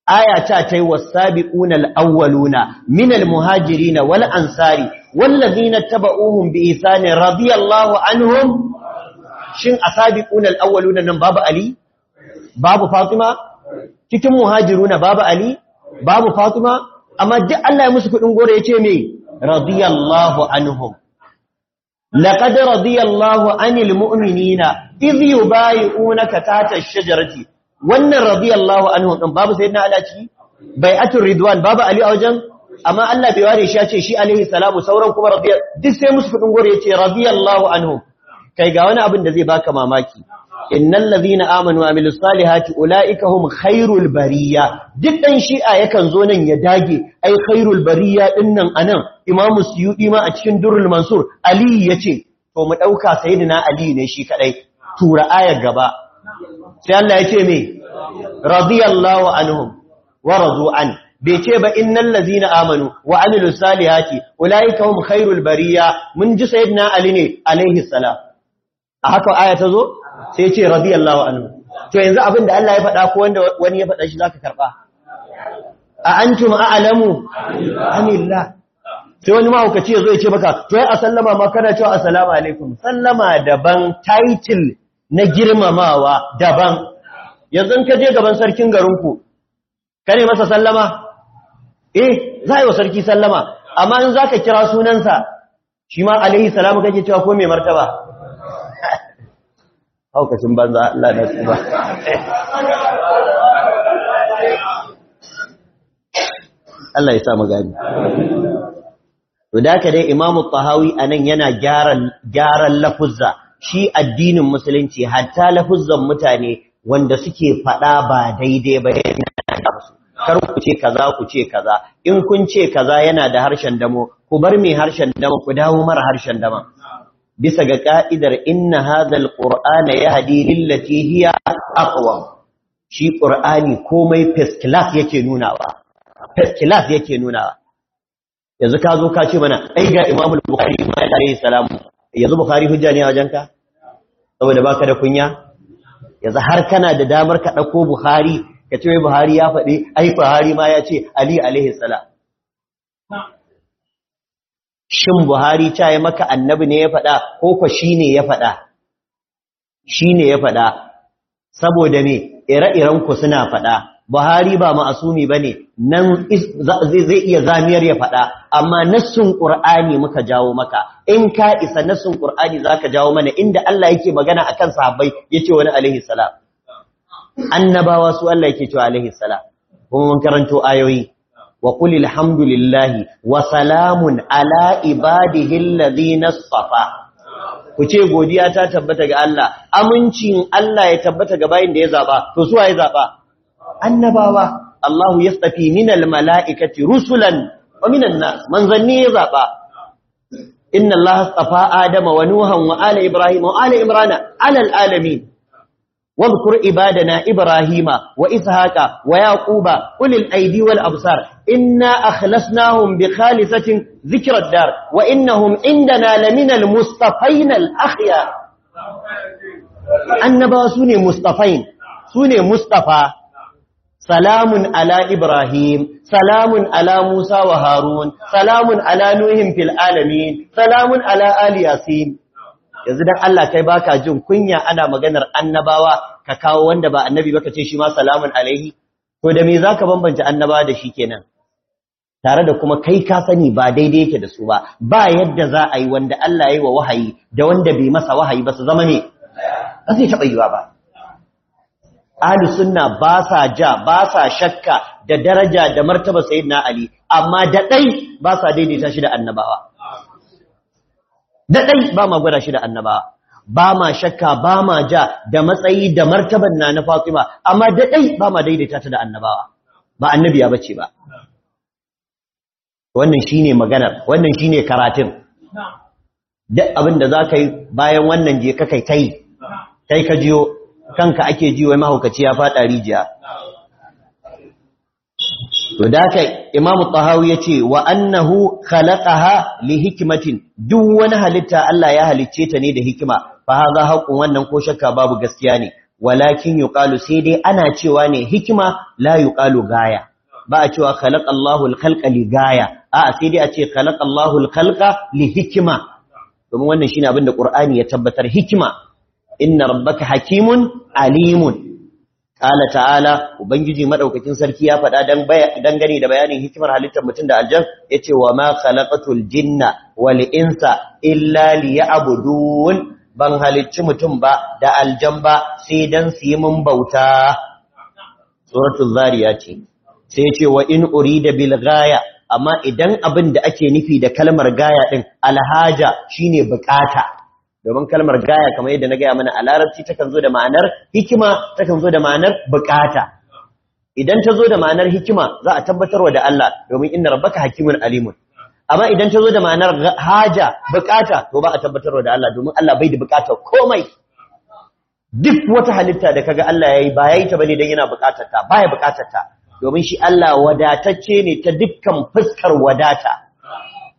aya ta tai wasabiquna alawwaluna minal muhajirin wal ansari ladina tabauhum bi ihsan radiyallahu anhum shin asabiquna alawwaluna nan babu ali babu fatima cikin muhajiruna babu ali babu fatima amma duk Allah ya musu kudin gore yace me radiyallahu anhum laqad radiyallahu anil mu'minina idh yubayi'unaka tahta ash-shajarati wannan radiyallahu anhum din babu sayyidina ala ciki bai'atul ridwan babu ali a wajen amma Allah bai ware shi ya ce shi alaihi salamu sauran kuma radiya duk sai musu kudin gore yace radiyallahu anhum kai ga wani abin da zai baka mamaki innal ladhina amanu wa amilus salihati ulaika hum khairul bariya duk dan shi'a yakan zo nan ya dage ai khairul bariya din nan anan imamu suyudi ma a cikin durrul mansur ali yace to mu dauka sayyidina ali ne shi kadai tura ayar gaba sai Allah yace me radiyallahu anhum wa radu an bai ce ba innal ladhina amanu wa amilus salihati ulaika hum khairul bariya mun ji sayyidina ali ne alaihi salam a haka aya ta zo sai ya ce radiyallahu anhu to yanzu abin da Allah ya faɗa ko wanda wani ya faɗa shi zaka karba a antum a'lamu amillah sai wani mahaukaci ya zo ya ce maka to ya sallama ma kana cewa assalamu alaikum sallama daban title na girmamawa daban yanzu ka je gaban sarkin garin ku kare masa sallama eh za yi wa sarki sallama amma in zaka kira sunansa shi ma alaihi salamu kake cewa ko mai martaba haukacin banza Allah na su ba Allah ya sa mu gani to da ka dai imamu tahawi anan yana gyaran lafuzza shi addinin musulunci hatta lafuzzan mutane wanda suke faɗa ba daidai ba kar ku ce kaza ku ce kaza in kun ce kaza yana da harshen damo ku bar mai harshen damo ku dawo mara harshen dama bisa ga ka'idar inna hadhal qur'ana yahdi lillati hiya aqwam shi qur'ani komai first class yake nunawa first class yake nunawa yanzu ka zo ka ce mana ai ga imamu bukhari alayhi salam yanzu bukhari hujja ne a wajenka saboda baka da kunya yanzu har kana da damar ka dauko bukhari ka ce wai buhari ya faɗi ai buhari ma ya ce ali alaihi salam shin buhari ta yi maka annabi ne ya faɗa ko ko shi ne ya faɗa shi ya faɗa saboda me ire-irenku suna faɗa buhari ba ma'asumi ba ne nan zai iya zamiyar ya faɗa amma nassun ƙur'ani muka jawo maka in ka isa nassun ƙur'ani za ka jawo mana inda Allah yake magana a kan sahabbai ya ce wani alaihi salam annabawa su Allah yake cewa alaihi salam kuma mun karanto ayoyi wa kulil hamdulillahi wa salamun ala ibadi ladhina safa ku ce godiya ta tabbata ga Allah amincin Allah ya tabbata ga bayin da ya zaba to suwa ya zaba annabawa Allah yastafi minal mala'ikati rusulan wa minan nas manzanni ya zaba inna Allah astafa adama wa nuhan wa ala ibrahim wa ala imrana ala alalamin wa عبادنا إبراهيم وإسهاك وياقوب أولي الأيدي والأبصار إنا أخلصناهم بخالصة ذكر الدار وإنهم عندنا لمن المصطفين الأخيار annaba su ne mustafain su sune mustafa salamun ala ibrahim salamun ala musa wa harun salamun ala nuhin fil alamin salamun ala ali yasin yanzu dan Allah kai baka jin kunya ana maganar annabawa ka kawo wanda ba annabi baka ce shi ma salamun alaihi to da me zaka bambance annabawa da shi kenan tare da kuma kai ka sani ba daidai yake da su ba ba yadda za a yi wanda Allah ya wa wahayi da wanda bai masa wahayi ba su zama ne ba zai taɓa yiwa ba ahli sunna ba sa ja ba sa shakka da daraja da martaba sayyidina ali amma da dai ba sa daidaita shi da annabawa da dai ba ma gwada shi da annabawa ba ma shakka ba ma ja da matsayi da martaban na na fatima amma da dai ba ma daidaita ta da annabawa ba annabiya bace ba wannan shi ne maganar wannan shi ne karatun duk abin za ka yi bayan wannan je ka kai ta yi kai ka jiyo kanka ake ji wai mahaukaci ya faɗa rijiya to da imamu tahawu ya ce wa annahu khalaqaha li hikimatin duk wani halitta Allah ya halicce ta ne da hikima fa ha-za haqqun wannan ko shakka babu gaskiya ne walakin yuqalu sai dai ana cewa ne hikima la yuqalu gaya ba a cewa khalaqallahu al gaya a sai dai a ce khalaqallahu al-khalqa li hikma domin wannan shine abin da Qur'ani ya tabbatar hikma inna rabbaka hakimun alimun qala ta'ala ubangiji madaukakin sarki ya faɗa dan dangane da bayanin hikimar halittar mutum da aljan yace wa ma khalaqatul jinna wal insa illa liya'budun ban halicci mutum ba da aljan ba sai dan su yi mun bauta suratul zariyat ce sai yace wa in urida bil ghaya amma idan abin da ake nufi da kalmar gaya ɗin, alhaja shine bukata domin kalmar gaya kamar yadda na gaya mana a larabci takan zo da ma'anar hikima takan zo da ma'anar bukata idan ta zo da ma'anar hikima za a tabbatarwa da Allah domin inna rabbaka hakimun alimun amma idan ta zo da ma'anar haja bukata to ba a tabbatarwa da Allah domin Allah bai da bukata komai duk wata halitta da kaga Allah yayi ba yayi ta bane dan yana bukatar ta baya bukatar ta domin shi Allah wadatacce ne ta dukkan fuskar wadata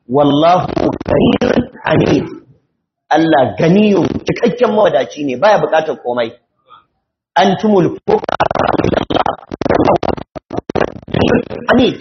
wallahu karim amin Allah ganiyun cikakken mawadaci ne baya bukatar komai antumul amin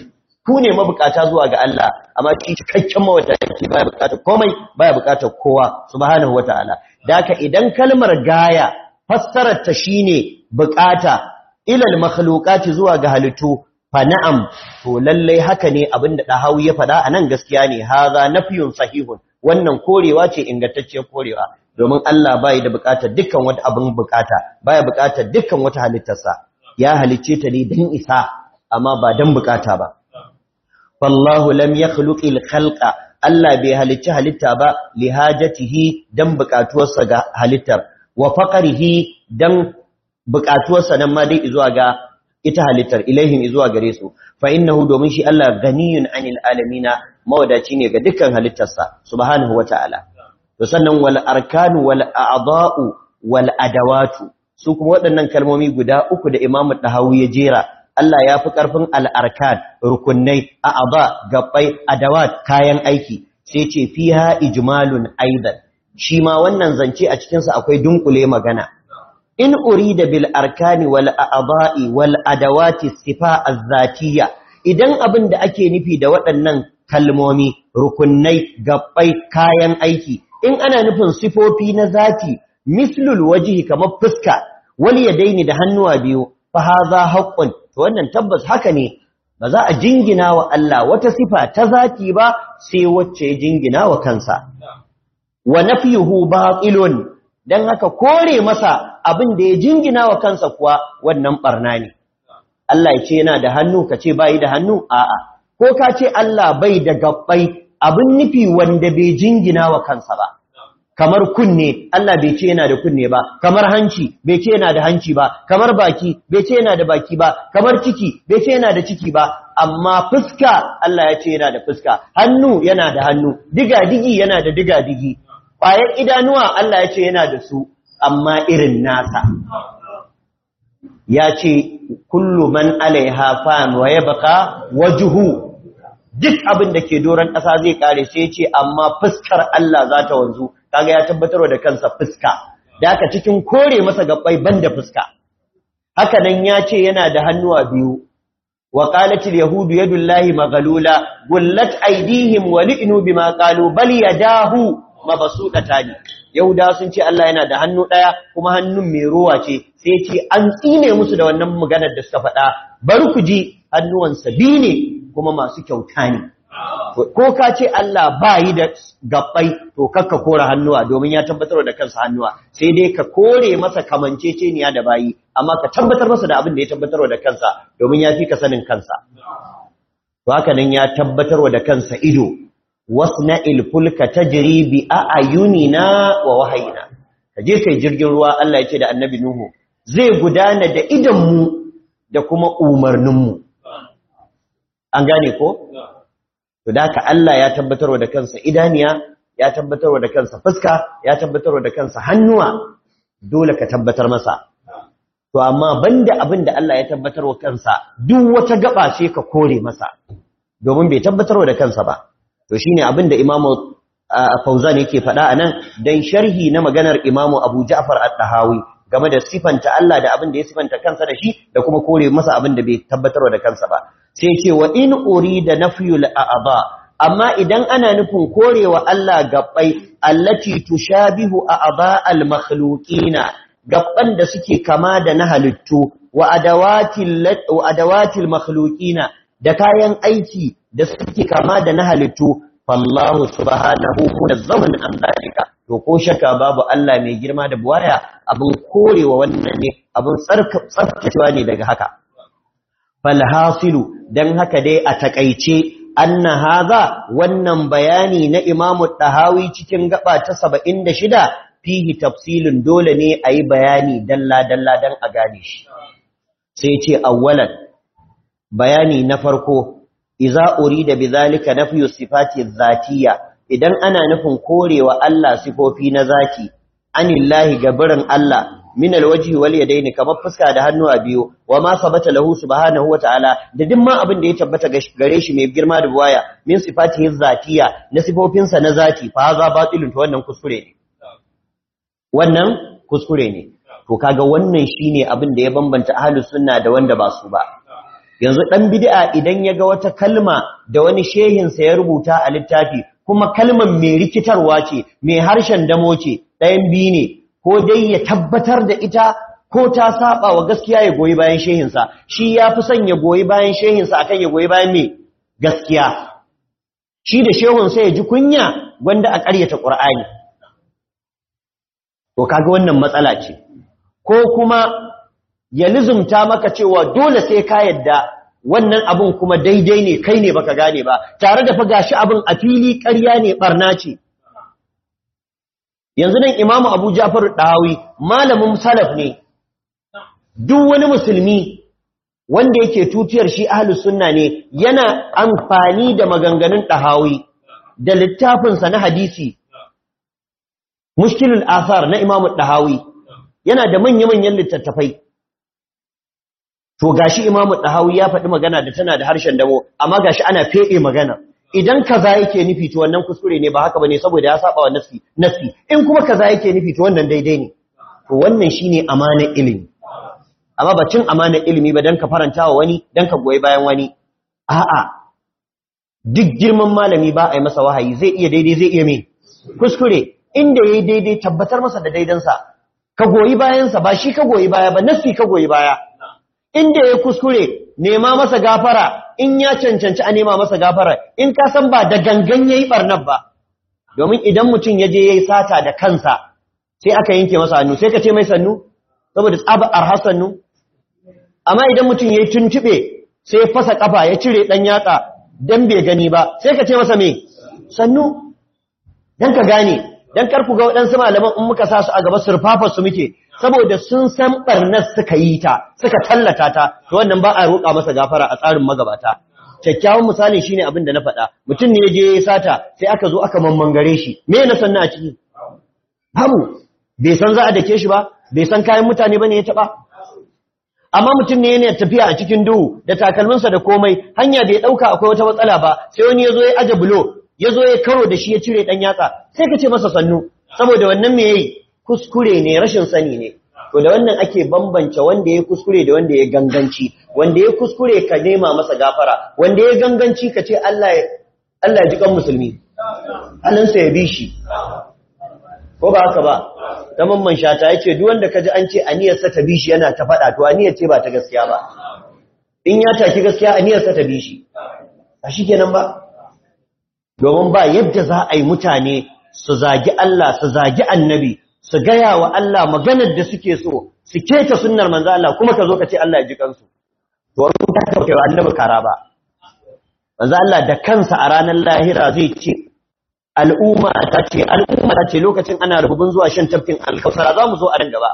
ku ne mabukata zuwa ga Allah amma shi cikakken mawadaci baya bukatar komai baya bukatar kowa subhanahu wataala daka idan kalmar gaya fassarar ta shine bukata ilal makhluqati zuwa ga halittu fa na'am to lallai haka ne abin da dahawi ya faɗa anan gaskiya ne haza nafiyun sahihun wannan korewa ce ingantacciyar korewa domin Allah bai da buƙatar dukkan wata abin bukata baya bukatar dukkan wata halittarsa ya halicce ta ne dan isa amma ba dan bukata ba wallahu lam yakhluqil khalqa Allah bai halicci halitta ba lihajatihi dan buƙatuwarsa ga halittar wa faqarihi dan bukatuwarsa nan ma dai zuwa ga ita halittar ilaihim zuwa gare su fa innahu domin shi Allah ganiyun anil alamina mawadaci ne ga dukkan halittarsa subhanahu wataala to sannan wal arkanu wal a'dha'u wal adawatu su kuma waɗannan kalmomi guda uku da imamu hau ya jera Allah ya fi karfin al arkan rukunnai a'dha gabbai adawat kayan aiki sai ce fiha ijmalun aidan shi ma wannan zance a cikinsa akwai dunkule magana in urida bil arkani wal a'dha'i wal adawati sifa az-zatiyya idan abin da ake nufi da waɗannan kalmomi rukunnai gabbai kayan aiki in ana nufin sifofi na zati mislul wajhi kamar fuska wal yadaini da hannuwa biyu fa hadha haqqun to wannan tabbas haka ne ba za a jingina wa Allah wata sifa ta zati ba sai wacce ya jingina wa kansa wa nafyuhu batilun don haka kore masa abin da ya jingina wa kansa kuwa wannan barna ne Allah ya ce yana da hannu ka ce bai da hannu a'a ko ka ce Allah bai da gabbai abin nufi wanda bai jingina wa kansa ba kamar kunne Allah bai ce yana da kunne ba kamar hanci bai ce yana da hanci ba kamar baki bai ce yana da baki ba kamar ciki bai ce yana da ciki ba amma fuska Allah ya ce yana da fuska hannu yana da hannu diga digi yana da diga digi ƙwayar idanuwa Allah ya ce yana da su amma irin nasa ya ce kullu man alai hafan wa yabqa duk abin da ke doron ƙasa zai ƙare sai ce amma fuskar Allah za ta wanzu kaga ya tabbatarwa da kansa fuska da aka cikin kore masa gabbai da fuska haka nan ya ce yana da hannuwa biyu wa qalatil yahudu yadullahi magalula, gullat aydihim wa li'nu bima qalu bal dahu. mabasudata ne yahuda sun ce Allah yana da hannu ɗaya kuma hannun mai ruwa ce sai ce an tsine musu da wannan maganar da suka faɗa bari ku ji hannuwan biyu ne kuma masu kyauta ne ko ka ce Allah ba yi da gabbai to kakka kore hannuwa domin ya tabbatar da kansa hannuwa sai dai ka kore masa kamanceceniya da bayi amma ka tabbatar masa da abin da ya tabbatar da kansa domin ya fi ka sanin kansa to haka nan ya tabbatar da kansa ido wasna ilfulka tajri bi ayunina wa wahayina je kai jirgin ruwa Allah yake da annabi nuhu zai gudana da idanmu da kuma umarninmu an gane ko to daka Allah ya tabbatarwa da kansa idaniya ya tabbatarwa da kansa fuska ya tabbatarwa da kansa hannuwa dole ka tabbatar masa to amma banda abin da Allah ya tabbatarwa kansa duk wata gaba ce ka kore masa domin bai tabbatarwa da kansa ba to shine abin da imamu Fauzan yake faɗa anan dan sharhi na maganar imamu Abu Ja'far At-Tahawi game da sifanta Allah da abinda ya sifanta kansa da shi da kuma kore masa abinda bai tabbatar da kansa ba sai ce wa in urida nafyul a'dha amma idan ana nufin korewa Allah gabbai allati tushabihu a'dha al-makhluqina gabban da suke kama da na halittu wa adawatil makhluqina da kayan aiki da suke kama da na halittu fallahu subhanahu munazzahun an zalika to ko shakka babu Allah mai girma da buwaya abin korewa wannan ne Abun tsarkacewa ne daga haka falhasilu dan haka dai a takaice anna hadha wannan bayani na imamu Ɗahawi cikin gaba ta 76 fihi tafsilin dole ne ayi bayani dalla dalla dan a gane shi sai ce awwalan bayani na farko iza urida na nafyu sifati dhatiyya idan ana nufin korewa Allah sifofi na zati anillahi gabarin Allah min alwajhi wal yadaini kamar fuska da hannu a biyu wa ma sabata lahu subhanahu ta'ala, da duk ma abin da ya tabbata gare shi mai girma da buwaya min sifatihi zatiya na sifofinsa na zati fa za batilun to wannan kuskure ne wannan kuskure ne to kaga wannan shine abin da ya bambanta ahlus sunna da wanda ba su ba yanzu dan bid'a idan ya ga wata kalma da wani shehin sa ya rubuta a littafi kuma kalmar mai rikitarwa ce mai harshen damo ce ɗayan biyu ne ko dai ya tabbatar da ita ko ta saba wa gaskiya ya goyi bayan shehin sa, shi ya fi son ya goyi bayan shehin sa akan ya goyi bayan me gaskiya shi da shehunsa ya ji kunya wanda a ƙaryata ƙur'ani to kaga wannan matsala ce ko kuma ya lizumta maka cewa dole sai ka yadda wannan abun kuma daidai ne kai ne baka gane ba tare da fa gashi abun a fili ƙarya ne barna ce yanzu nan imamu abu jafar ɗawi malamin salaf ne duk wani musulmi wanda yake tutiyar shi ahlus sunna ne yana amfani da maganganun ɗahawi da littafinsa na hadisi mushkilul asar na imamu ɗahawi yana da manya-manyan littattafai to gashi imamu dahawi ya faɗi magana da tana da harshen dabo, amma gashi ana fede magana idan kaza yake nufi to wannan kuskure ne ba haka bane saboda ya saba wa nafsi nafsi in kuma kaza yake nufi to wannan daidai ne to wannan shine amanar ilimi amma ba cin amana ilimi ba dan ka faranta wa wani dan ka goyi bayan wani a'a duk girman malami ba a yi masa wahayi zai iya daidai zai iya me kuskure inda yayi daidai tabbatar masa da daidansa ka goyi bayansa ba shi ka goyi baya ba nafsi ka goyi baya inda ya kuskure nema masa gafara in ya cancanci a nema masa gafara in ka san ba da gangan yayi barnan ba domin idan mutum ya je yayi sata da kansa sai aka yanke masa hannu sai ka ce mai sannu saboda tsaba arhasannu amma idan mutum yayi tuntube sai fasa kafa ya cire dan yatsa dan bai gani ba sai ka ce masa me sannu dan ka gane dan karku ga waɗansu malaman in muka sa su a gaba surfafa su muke saboda sun san barnar suka yi ta suka tallata ta to wannan ba a roƙa masa gafara a tsarin magabata kyakkyawan misali shine abin da na faɗa mutum ne je ya sata sai aka zo aka mammangare shi me na sanna a ciki babu bai san za a dake shi ba bai san kayan mutane bane ya taba amma mutum ne yana tafiya a cikin duhu da takalminsa da komai hanya bai ya dauka akwai wata matsala ba sai wani yazo ya aje bulo yazo ya karo da shi ya cire dan yatsa sai ka ce masa sannu saboda wannan me yayi kuskure ne rashin sani ne to da wannan ake bambance wanda ya kuskure da wanda ya ganganci wanda ya kuskure ka nema masa gafara wanda ya ganganci ka ce Allah Allah ya ji kan musulmi anan sa ya bi ko ba haka ba zaman mamman shata yace duk wanda kaji an ce sa ta bi yana ta fada to aniyar ce ba ta gaskiya ba in ya taki gaskiya sa ta bi shi a shikenan ba domin ba yadda za a yi mutane su zagi Allah su zagi annabi su gaya wa Allah maganar da suke so su keta sunnar manzo Allah kuma ka zo ka ce Allah ya ji kansu to wani ka kauce wa annabi kara manzo Allah da kansa a ranar lahira zai ce al'umma ta ce al'umma ta ce lokacin ana rububin zuwa shan tafkin alkausara za mu zo a nan gaba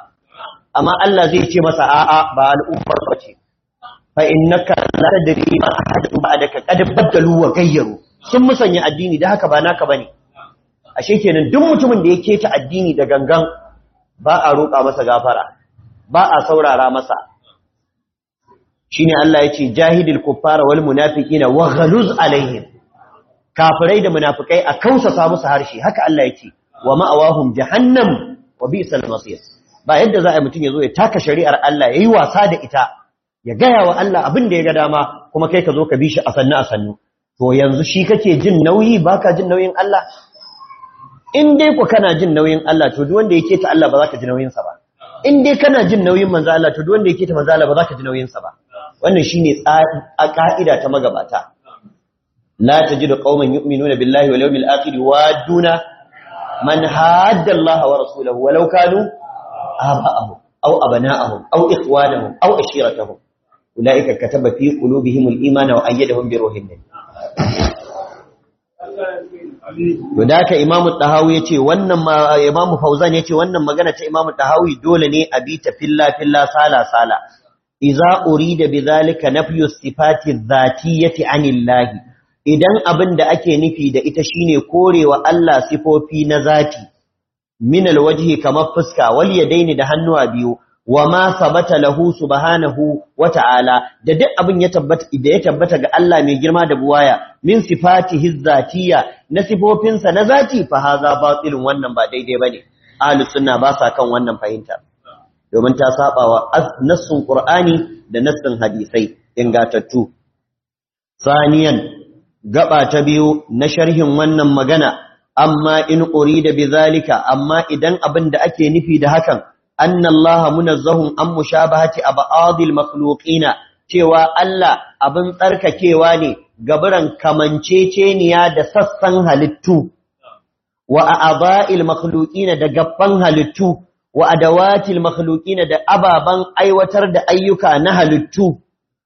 amma Allah zai ce masa a'a ba al'ummar ba ce fa innaka la tadri ma ahadu ba'daka qad badalu wa ghayyaru sun musanya addini da haka ba naka bane ashe kenan duk mutumin da ya keta addini da gangan ba a roƙa masa gafara ba a saurara masa shine Allah yace jahidil kuffara wal munafiqina wa ghaluz alaihim kafirai da munafikai a kausasa musu harshe haka Allah yake wa ma'awahum jahannam wa bi'sal masir ba yadda za a mutum ya zo ya taka shari'ar Allah yayi wasa da ita ya gaya wa Allah abin da ya ga dama kuma kai ka zo ka bi shi a sannu a sannu to yanzu shi kake jin nauyi baka jin nauyin Allah in dai ku kana jin nauyin Allah to duk wanda yake ta Allah ba za ka ji nauyin sa ba in dai kana jin nauyin manzo Allah to duk wanda yake ta manzo Allah ba za ka ji nauyin sa ba wannan shine a ka'ida ta magabata la tajidu qauman yu'minuna billahi wal yawmil akhir Duna man hadda Allah wa rasulahu walau kanu aba'ahum aw abana'ahum aw ikhwanahum aw ashiratahum ulaika kataba fi qulubihim al-imana wa ayyadahum bi ruhin min to da haka imamu tahawi ce wannan imamu fauzan ce wannan magana ta imamu tahawi dole ne a bi ta filla filla sala sala idza urida zati nafyu sifati dhatiyyati anillahi idan abin da ake nufi da ita shine korewa Allah sifofi na zati Minal alwajhi kamar fuska wal yadaini da hannuwa biyu wa ma sabata lahu subhanahu wa ta'ala da duk abin ya tabbata idan ya tabbata ga Allah mai girma da buwaya min sifatihi hizzatiya na sifofinsa na zati fa haza batilun wannan ba daidai bane ahli sunna ba sa kan wannan fahimta domin ta sabawa nassun qur'ani da nassun hadisai ingatattu saniyan gaba ta biyu na sharhin wannan magana amma in urida bizalika amma idan abin da ake nufi da hakan anna Allah munazzahum an mushabahati abadil makhluqina cewa Allah abin tsarkakewa ne gaburan kamanceceniya da sassan halittu wa abail makhluqina da gaban halittu wa adawatil makhluqina da ababan aiwatar da ayyuka na halittu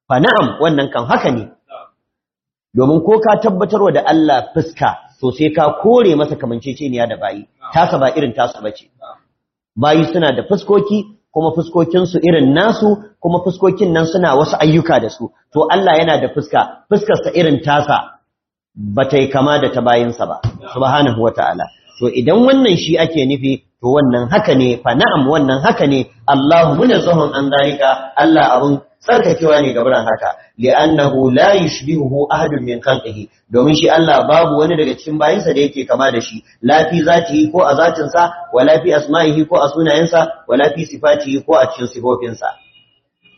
Fana'am wannan kan haka ne domin ko ka tabbatar wa da Allah fuska sosai ka kore masa kamanceceniya da bayi tasa ba irin tasu bace bayi suna da fuskoki kuma fuskokinsu irin nasu kuma fuskokin nan suna wasu ayyuka da su to Allah yana da fuska fuskarsa irin tasa ba ta yi kama da ta bayinsa ba subhanahu wata'ala to idan wannan shi ake nufi to wannan haka ne fa na'am wannan haka ne Allahu munazzahun an zalika Allah abun tsarkakewa ne ga gabaran haka li'annahu la yushbihuhu ahadun min khalqihi domin shi Allah babu wani daga cikin bayinsa da yake kama da shi la fi zatihi ko a zatin sa wala fi asma'ihi ko a sunayensa wala fi sifatihi ko a cikin sifofinsa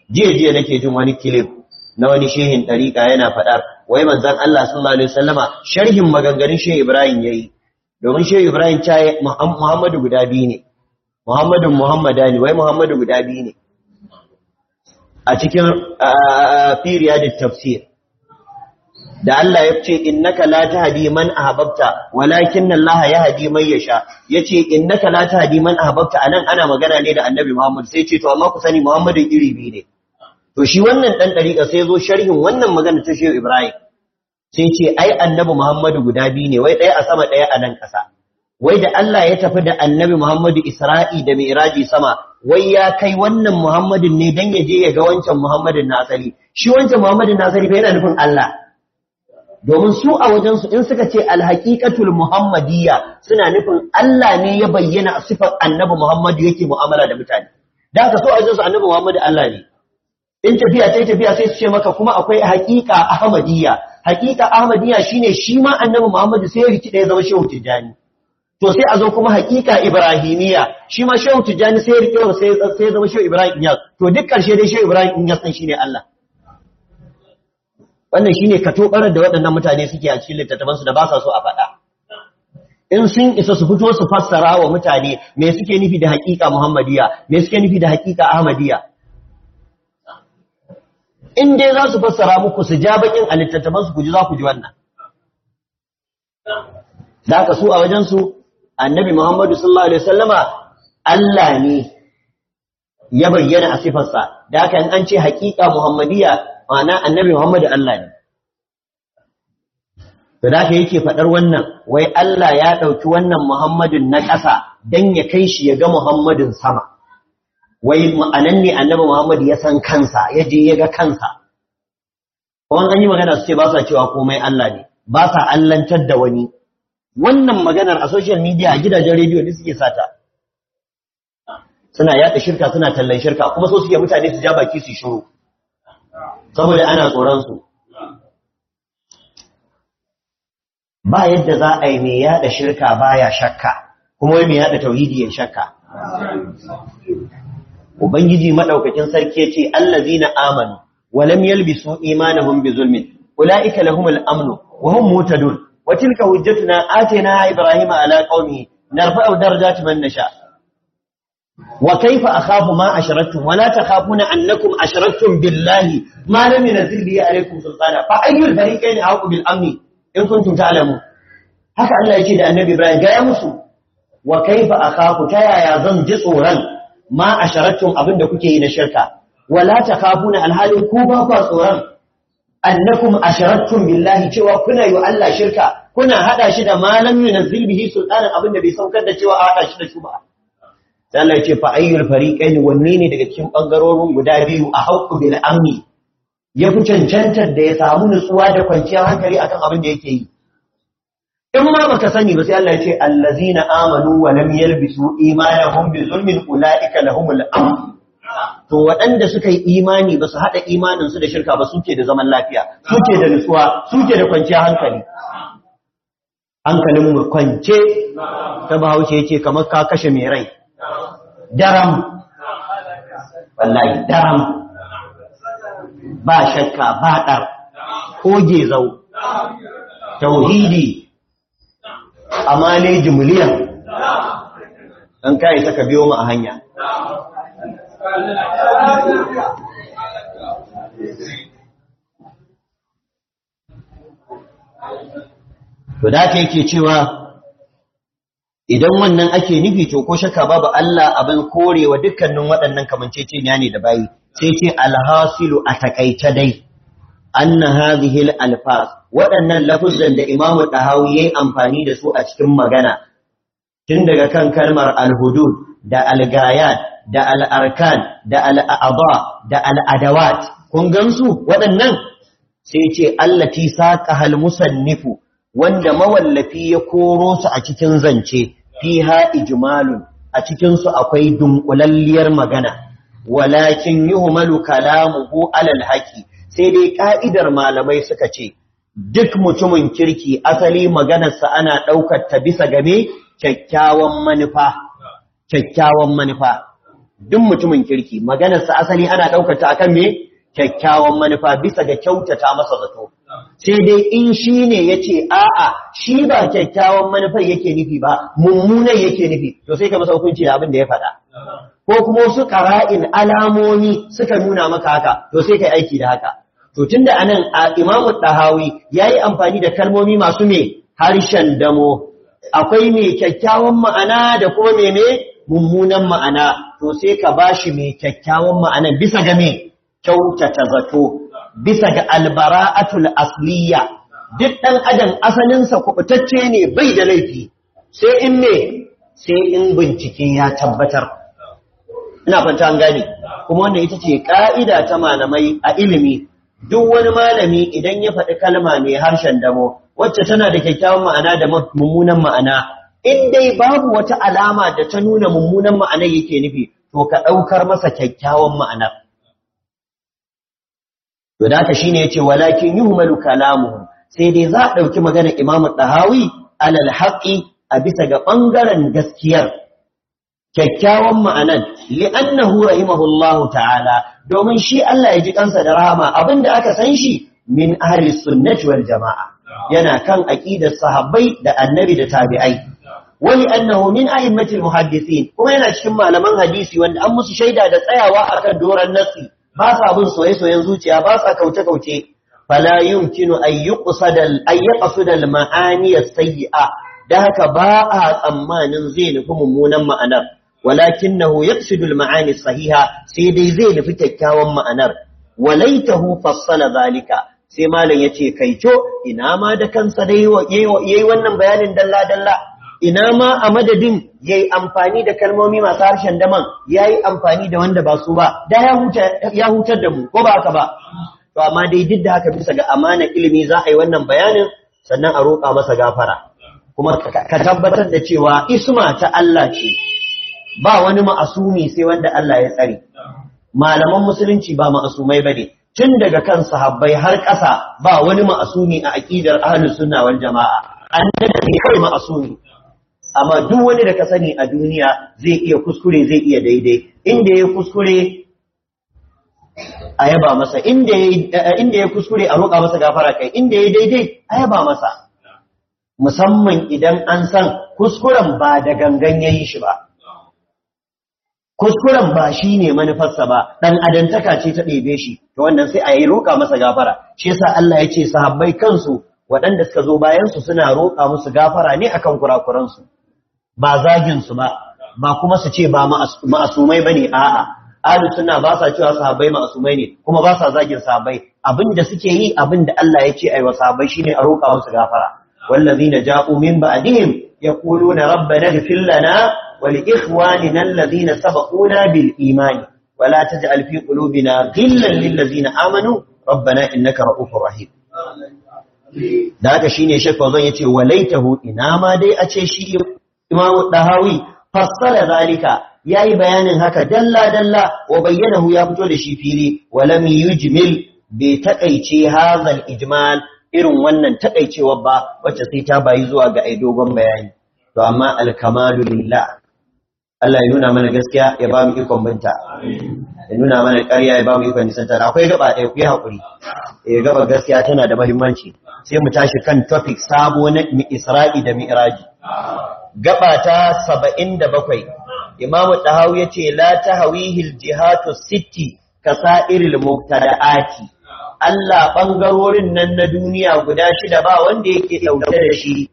jiya jiya nake jin wani clip na wani shehin dariqa yana faɗa wai manzon Allah sallallahu alaihi wasallama sharhin maganganun shehu Ibrahim yayi domin shehu Ibrahim ta Muhammadu guda biyu ne Muhammadun Muhammadani wai Muhammadu guda biyu ne a cikin firiya da tafsir da Allah ya ce innaka la tahdi man ahbabta walakin Allah yahdi man yasha yace innaka la tahdi man ahbabta anan ana magana ne da Annabi Muhammad sai ce to amma ku sani Muhammadin iri biyu ne to shi wannan dan dariƙa sai zo sharhin wannan magana ta Shehu Ibrahim sai ce ai Annabi Muhammadu guda biyu ne wai ɗaya a sama ɗaya a nan ƙasa wai da Allah ya tafi da annabi Muhammadu Isra'i da Mi'raji sama wai ya kai wannan Muhammadin ne don ya je ya ga wancan Muhammadin na asali shi wancan Muhammadin na asali fa yana nufin Allah domin su a wajensu in suka ce alhaqiqatul muhammadiyya suna nufin Allah ne ya bayyana sifar annabi Muhammadu yake mu'amala da mutane da haka so a wajen annabi Muhammadu Allah ne in tafiya sai tafiya sai su ce maka kuma akwai haƙiƙa ahmadiyya Haƙiƙa ahmadiyya shine shi ma annabi Muhammadu sai ya rikide ya zama shehu tijani to sai a zo kuma haƙiƙa ibrahimiya shi ma shehu tijani sai ya riƙe sai ya zama shehu ibrahim inyas to duk ƙarshe dai shehu ibrahim inyas ɗin shine Allah wannan shine kato barar da waɗannan mutane suke a cikin littattafan su da ba sa so a faɗa in sun isa su fito su fassara wa mutane me suke nufi da haƙiƙa muhammadiya me suke nufi da haƙiƙa ahmadiyya in dai za su fassara muku su ja bakin a littattafansu ku ji za ku ji wannan. Za ka su a wajensu annabi Muhammadu sallallahu alaihi wasallama Allah ne ya bayyana a sifarsa da aka in an ce haƙiƙa Muhammadiyya ma'ana annabi Muhammadu Allah ne to da haka yake faɗar wannan wai Allah ya ɗauki wannan Muhammadun na ƙasa dan ya kai shi ya ga Muhammadun sama wai ma'anan ne annabi Muhammadu ya san kansa ya je ya ga kansa kuma an yi magana su ce ba sa cewa komai Allah ne ba sa allantar da wani wannan maganar a social media a gidajen rediyo ne suke sata suna yaɗa shirka suna tallan shirka kuma so suke mutane su ja baki su shiru saboda ana tsoron su ba yadda za a yi mai yaɗa shirka baya shakka kuma mai yaɗa tauhidi ya shakka ubangiji madaukakin sarki yace allazina amanu wa lam yalbisu imanahum bi zulmin ulaika lahumul amnu wa hum muhtadun wa tilka na atina ibrahima ala qaumi narfa'u darajati man nasha wa kayfa akhafu ma ashraktum wa la takhafuna annakum ashraktum billahi ma lam yunzil bihi alaykum sultana fa ayyul fariqayn aqu bil amni in kuntum ta'lamun haka Allah yake da annabi ibrahim gaya ya musu wa kayfa akhafu ta yaya zan ji tsoron ma ashraktum abinda kuke yi na shirka wala takhafuna alhali ku tsoron. annakum asharaktum billahi cewa kuna yi Allah shirka kuna hada shi da malam yunzil bihi sultanan abinda bai saukar da cewa a hada shi da shi ba sai Allah ya ce fa ayyul fariqaini wanne ne daga cikin bangarorin guda biyu a haqqu bil amni yafi cancantar da ya samu nutsuwa da kwanciyar hankali akan abin da yake yi in ma baka sani ba sai Allah ya ce allazina amanu wa lam yalbisu imanahum bi zulmin ulaika lahumul amn to waɗanda suka yi imani ba su haɗa imaninsu da shirka ba suke da zaman lafiya suke da nutsuwa suke da kwanciya hankali hankalin mu kwance ta bahaushe yake kamar ka kashe mai rai daram wallahi daram ba shakka ba ɗar ko gezau tauhidi amane jumuliya dan kai saka biyo mu a hanya To da ka yake cewa idan wannan ake nufi to ko shakka babu Allah abin korewa dukkanin waɗannan kamanceceniya ne da bayi sai ce alhasilu a takaice dai anna hadhihi alfaz waɗannan lafuzan da Imam Dahawi yayi amfani da su a cikin magana tun daga kan kalmar alhudud da algayat da al'arkan da al'aba da al'adawat kun gansu waɗannan sai ce allati saqa hal musannifu wanda mawallafi ya koro su a cikin zance fiha ijmalun a cikin su akwai dunkulalliyar magana walakin yuhmalu kalamuhu alal haqi sai dai ka'idar malamai suka ce duk mutumin kirki asali maganarsa ana ɗaukar ta bisa game kyakkyawan manufa kyakkyawan manufa duk mutumin kirki maganarsa asali ana daukar ta akan me kyakkyawan manufa bisa ga kyautata masa zato sai dai in shi ne ya ce a'a shi ba kyakkyawan manufar yake nufi ba mummunan yake nufi to sai ka masa hukunci da abin da ya faɗa ko kuma wasu ƙara'in alamomi suka nuna maka haka to sai kai aiki da haka to tunda anan a imamu ɗahawi ya yi amfani da kalmomi masu me harshen damo akwai me kyakkyawan ma'ana da kuma me? mummunan ma'ana to sai ka bashi mai kyakkyawan ma'ana bisa ga me kyautata zato bisa ga albara'atul asliya duk dan adam asalinsa kubutacce ne bai da laifi sai in me sai in bincike ya tabbatar ina fanta an gane kuma wannan ita ce ka'ida ta malamai a ilimi duk wani malami idan ya faɗi kalma mai harshen damo wacce tana da kyakkyawan ma'ana da mummunan ma'ana in dai babu wata alama da ta nuna mummunan ma'anar yake nufi to ka ɗaukar masa kyakkyawan ma'anar to da haka shine yace walakin yuhmalu kalamuhum sai dai za a ɗauki maganar imamu ɗahawi alal haƙi a bisa ga ɓangaren gaskiyar kyakkyawan ma'anan li'annahu rahimahullahu ta'ala domin shi Allah ya ji kansa da rahama abinda aka san shi min ahli sunnati wal jama'a yana kan aqidar sahabbai da annabi da tabi'ai wani annahu min a'immatil muhaddisin kuma yana cikin malaman hadisi wanda an musu shaida da tsayawa akan doron natsi, ba sa bin soye-soyen zuciya ba sa kauce-kauce fala yumkinu an yuqsadal an yaqsudal ma'ani as-sayyi'a da haka ba a tsammanin zai nufi mummunan ma'anar walakinahu yaqsidu al-ma'ani sahiha sai dai zai nufi kyakkyawan ma'anar walaitahu fassala zalika sai malam yace kaico ina ma da kansa dai yayi wannan bayanin dalla dalla ina ma a madadin ya yi amfani da kalmomi masu harshen daman ya yi amfani da wanda ba su ba da ya hutar da mu ko ba haka ba to amma dai duk da haka bisa ga amana ilimi za a yi wannan bayanin sannan a roƙa masa gafara kuma ka tabbatar da cewa isma ta Allah ce ba wani ma'asumi sai wanda Allah ya tsare malaman musulunci ba ma'asumai bane tun daga kan sahabbai har ƙasa ba wani ma'asumi a aƙidar ahlus sunna wal jama'a annabi kai ma'asumi amma duk wani da ka sani a duniya zai iya kuskure zai iya daidai inda ya kuskure a yaba masa inda ya kuskure a roƙa masa gafara kai inda ya daidai a yaba masa musamman idan an san kuskuren ba da gangan ya yi shi ba kuskuren ba shi ne manufarsa ba ɗan adantaka ce ta ɗebe shi to wannan sai a yi roƙa masa gafara shi yasa Allah ya ce sahabbai kansu waɗanda suka zo bayansu suna roƙa musu gafara ne akan kurakuransu ba zagin su ba ba kuma su ce ba ma'asumai ba ne? a'a ahli sunna ba sa cewa sahabbai ma'asumai ne kuma ba sa zagin sahabbai abinda suke yi abinda Allah ya ce ai wa sahabbai shine a roƙa musu gafara wallazina ja'u min ba'dihim yaquluna rabbana ighfir lana wa li ikhwanina alladhina sabaquna bil iman wa la taj'al fi qulubina ghillan lil ladzina amanu rabbana innaka ra'ufur rahim da haka shine shekwa zan yace walaitahu ina ma dai a ce shi Imam Dahawi fassara zalika yayi bayanin haka dalla dalla wa bayyanahu ya fito da shi fili wa lam yujmil bi takaice al ijmal irin wannan takaicewar ba wacce sai ta bayi zuwa ga ai dogon bayani to amma al-kamalu lillah Allah ya nuna mana gaskiya ya ba mu ikon binta ya nuna mana ƙarya ya ba mu ikon nisanta akwai gaba ɗaya ku yi haƙuri eh gaba gaskiya tana da muhimmanci sai mu tashi kan topic sabo na Isra'i da Mi'raji gaba ta 77 imamu tahawi yace la tahawihil jihatu sitti kasairil muqtada'ati Allah bangarorin nan na duniya guda shida ba wanda yake dauke da shi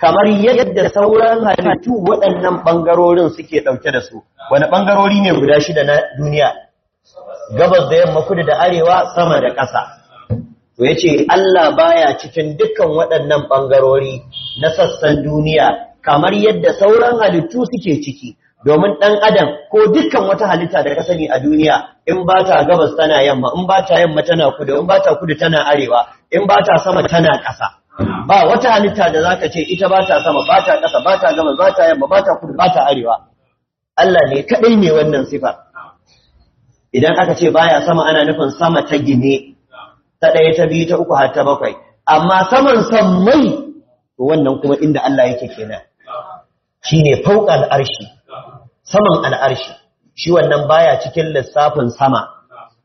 kamar yadda sauran halittu waɗannan bangarorin suke dauke da su wani bangarori ne guda shida na duniya gabas da yamma kudu da arewa sama da ƙasa to yace Allah baya cikin dukkan waɗannan bangarori na sassan duniya kamar yadda sauran halittu suke ciki domin dan adam ko dukkan wata halitta da ka sani a duniya in ba ta gabas tana yamma in ba ta yamma tana kudu in ba ta kudu tana arewa in ba ta sama tana ƙasa ba wata halitta da zaka ce ita ba ta sama ba ta ƙasa ba ta gabas ba ta yamma ba ta kudu ba ta arewa Allah ne kaɗai ne wannan sifar idan aka ce baya sama ana nufin sama ta gine ta ɗaya ta biyu ta uku har ta bakwai amma saman sammai wannan kuma inda Allah yake kenan Shi ne fawqa al'arshi saman al'arshi shi wannan baya cikin lissafin sama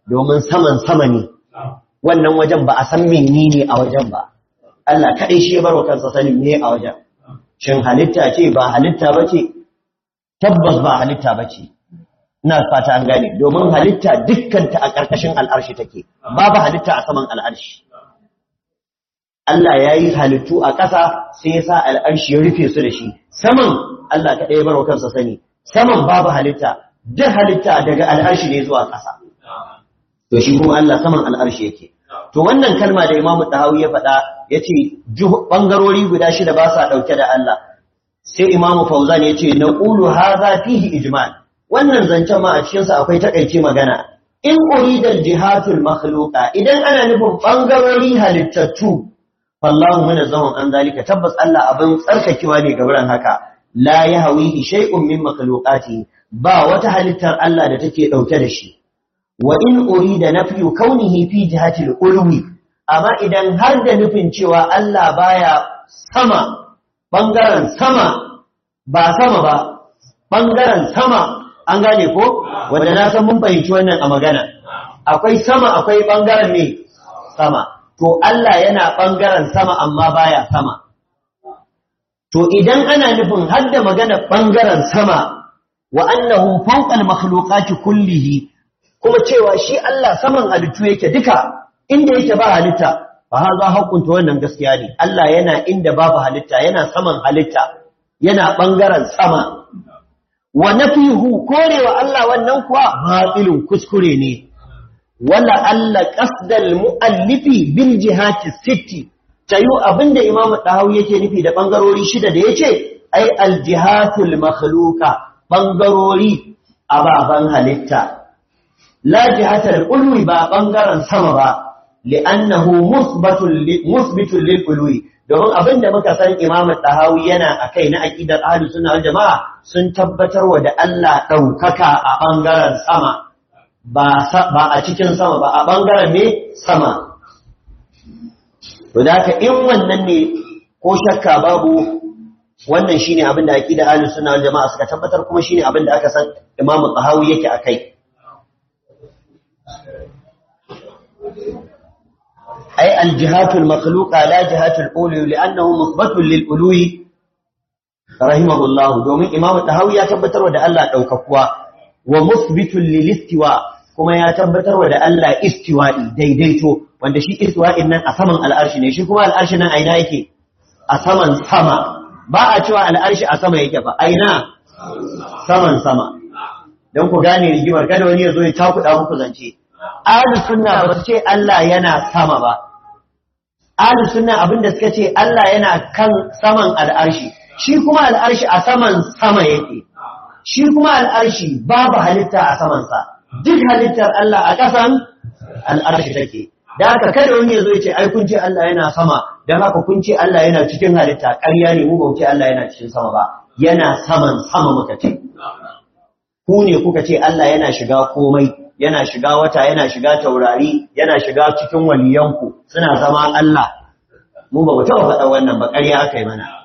domin saman sama ne wannan wajen ba a san menene a wajen ba Allah kaɗai shi ya baro kansa sani ne a wajen shin halitta ce ba halitta ba ce? tabbas ba halitta ba ce, ina fata an gane domin halitta dukkanta a ƙarƙashin al'arshi take babu halitta a saman al'arshi Allah ya yi halittu a ƙasa sai ya sa al'arshi ya rufe su da shi saman Allah ka ɗaya barwa kansa sani saman babu halitta duk halitta daga al'arshi ne zuwa ƙasa to shi kuma Allah saman al'arshi yake to wannan kalma da Imam Tahawi ya faɗa yace bangarori guda shida ba sa ɗauke da Allah sai imamu Fauzan yace ha zafi fihi ijmal wannan zancen ma a cikinsa akwai taƙaice magana in uridal jihatul makhluqa idan ana nufin ɓangarori halittattu fallahu mana zaman an zalika tabbas Allah abin tsarkakewa ne ga wurin haka la yahwihi shay'un min makhluqati ba wata halittar Allah da take dauke da shi wa in urida nafyu kaunihi fi jihati al-ulwi amma idan har da nufin cewa Allah baya sama bangaren sama ba sama ba bangaren sama an gane ko wanda na san mun fahimci wannan a magana akwai sama akwai bangaren ne sama to Allah yana ɓangaren sama amma baya sama. To idan ana nufin har da magana ɓangaren sama wa annahu fawqal makhluqati kullihi kuma cewa shi Allah saman halittu yake duka inda yake ba halitta fa haza hakunta wannan gaskiya ne Allah yana inda babu halitta yana saman halitta yana ɓangaren sama wa nafihu korewa Allah wannan kuwa batilun kuskure ne wala Allah qasdal muallifi bil jihati sitti tayu abinda imamu dahawi yake nufi da bangarori shida da yace ai al jihatul makhluqa bangarori ababan halitta la jihatul ulwi ba bangaren sama ba li'annahu musbatun musbitun lil ulwi domin abinda muka san imamu dahawi yana akai na aqidar ahlus sunna wal jamaa sun tabbatar wa da Allah daukaka a bangaren sama ba a cikin sama ba a ɓangaren ne sama to da haka in wannan ne ko shakka babu wannan shine abin da aqida ahlus sunna wal jamaa suka tabbatar kuma shine abin da aka san imamu tahawi yake a kai. al aljihatul makhluqa la jihatul ulu li'annahu muthbatun lil ului domin imamu tahawi ya tabbatar da Allah ɗaukakuwa wa musbitun lil istiwa kuma ya tabbatar wa da Allah istiwa'i daidaito wanda shi istiwa'in nan a saman al'arshi ne shi kuma al'arshi nan a ina yake a saman sama ba a cewa al'arshi a sama yake ba aina saman sama don ku gane rigimar kada wani ya zo ya cakuɗa muku zance ahli sunna ba su ce Allah yana sama ba ahli sunna abinda suka ce Allah yana kan saman al'arshi shi kuma al'arshi a saman sama yake shi kuma al'arshi babu halitta a samansa duk halittar Allah a ƙasan al'arshi take da haka kada wani ya zo ya ce ai kun ce Allah yana sama don haka kunce ce Allah yana cikin halitta ƙarya ne mu ba ce Allah yana cikin sama ba yana saman sama muka ce ku ne kuka ce Allah yana shiga komai yana shiga wata yana shiga taurari yana shiga cikin waliyanku suna zama Allah mu ba mu taɓa faɗa wannan ba ƙarya aka yi mana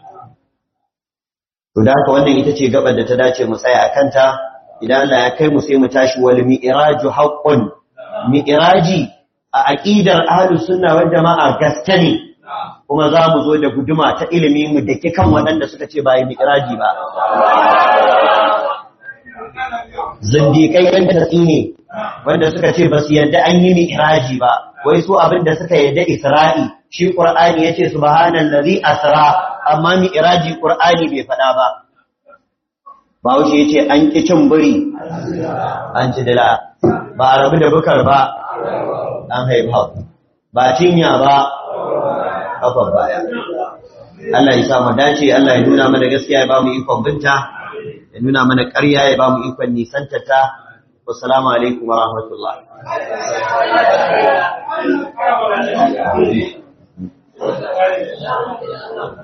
to da haka wannan ita ce gabar da ta dace mu tsaya a kanta idan Allah ya kai mu sai mu tashi wal mi'raju haqqun mi'raji a aqidar ahlus sunna wal jama'a gaske ne kuma za mu zo da guduma ta ilimi mu dake kan waɗanda suka ce ba yi mi'raji ba zindiƙai yan tatsi ne wanda suka ce ba su yarda an yi mi'raji ba wai su abin suka yarda isra'i shi qur'ani yace subhanallazi asra amma mi iraji qur'ani bai faɗa ba Ba wuce ce an ƙi cin buri an ci dila ba a rabu da bukar ba an haifa ba cinya ba kafar baya Allah ya sa mu dace Allah ya nuna mana gaskiya ya ba mu ikon binta ya nuna mana ƙarya ya ba mu ikon nisanta ta assalamu alaikum wa rahmatullahi Thank you.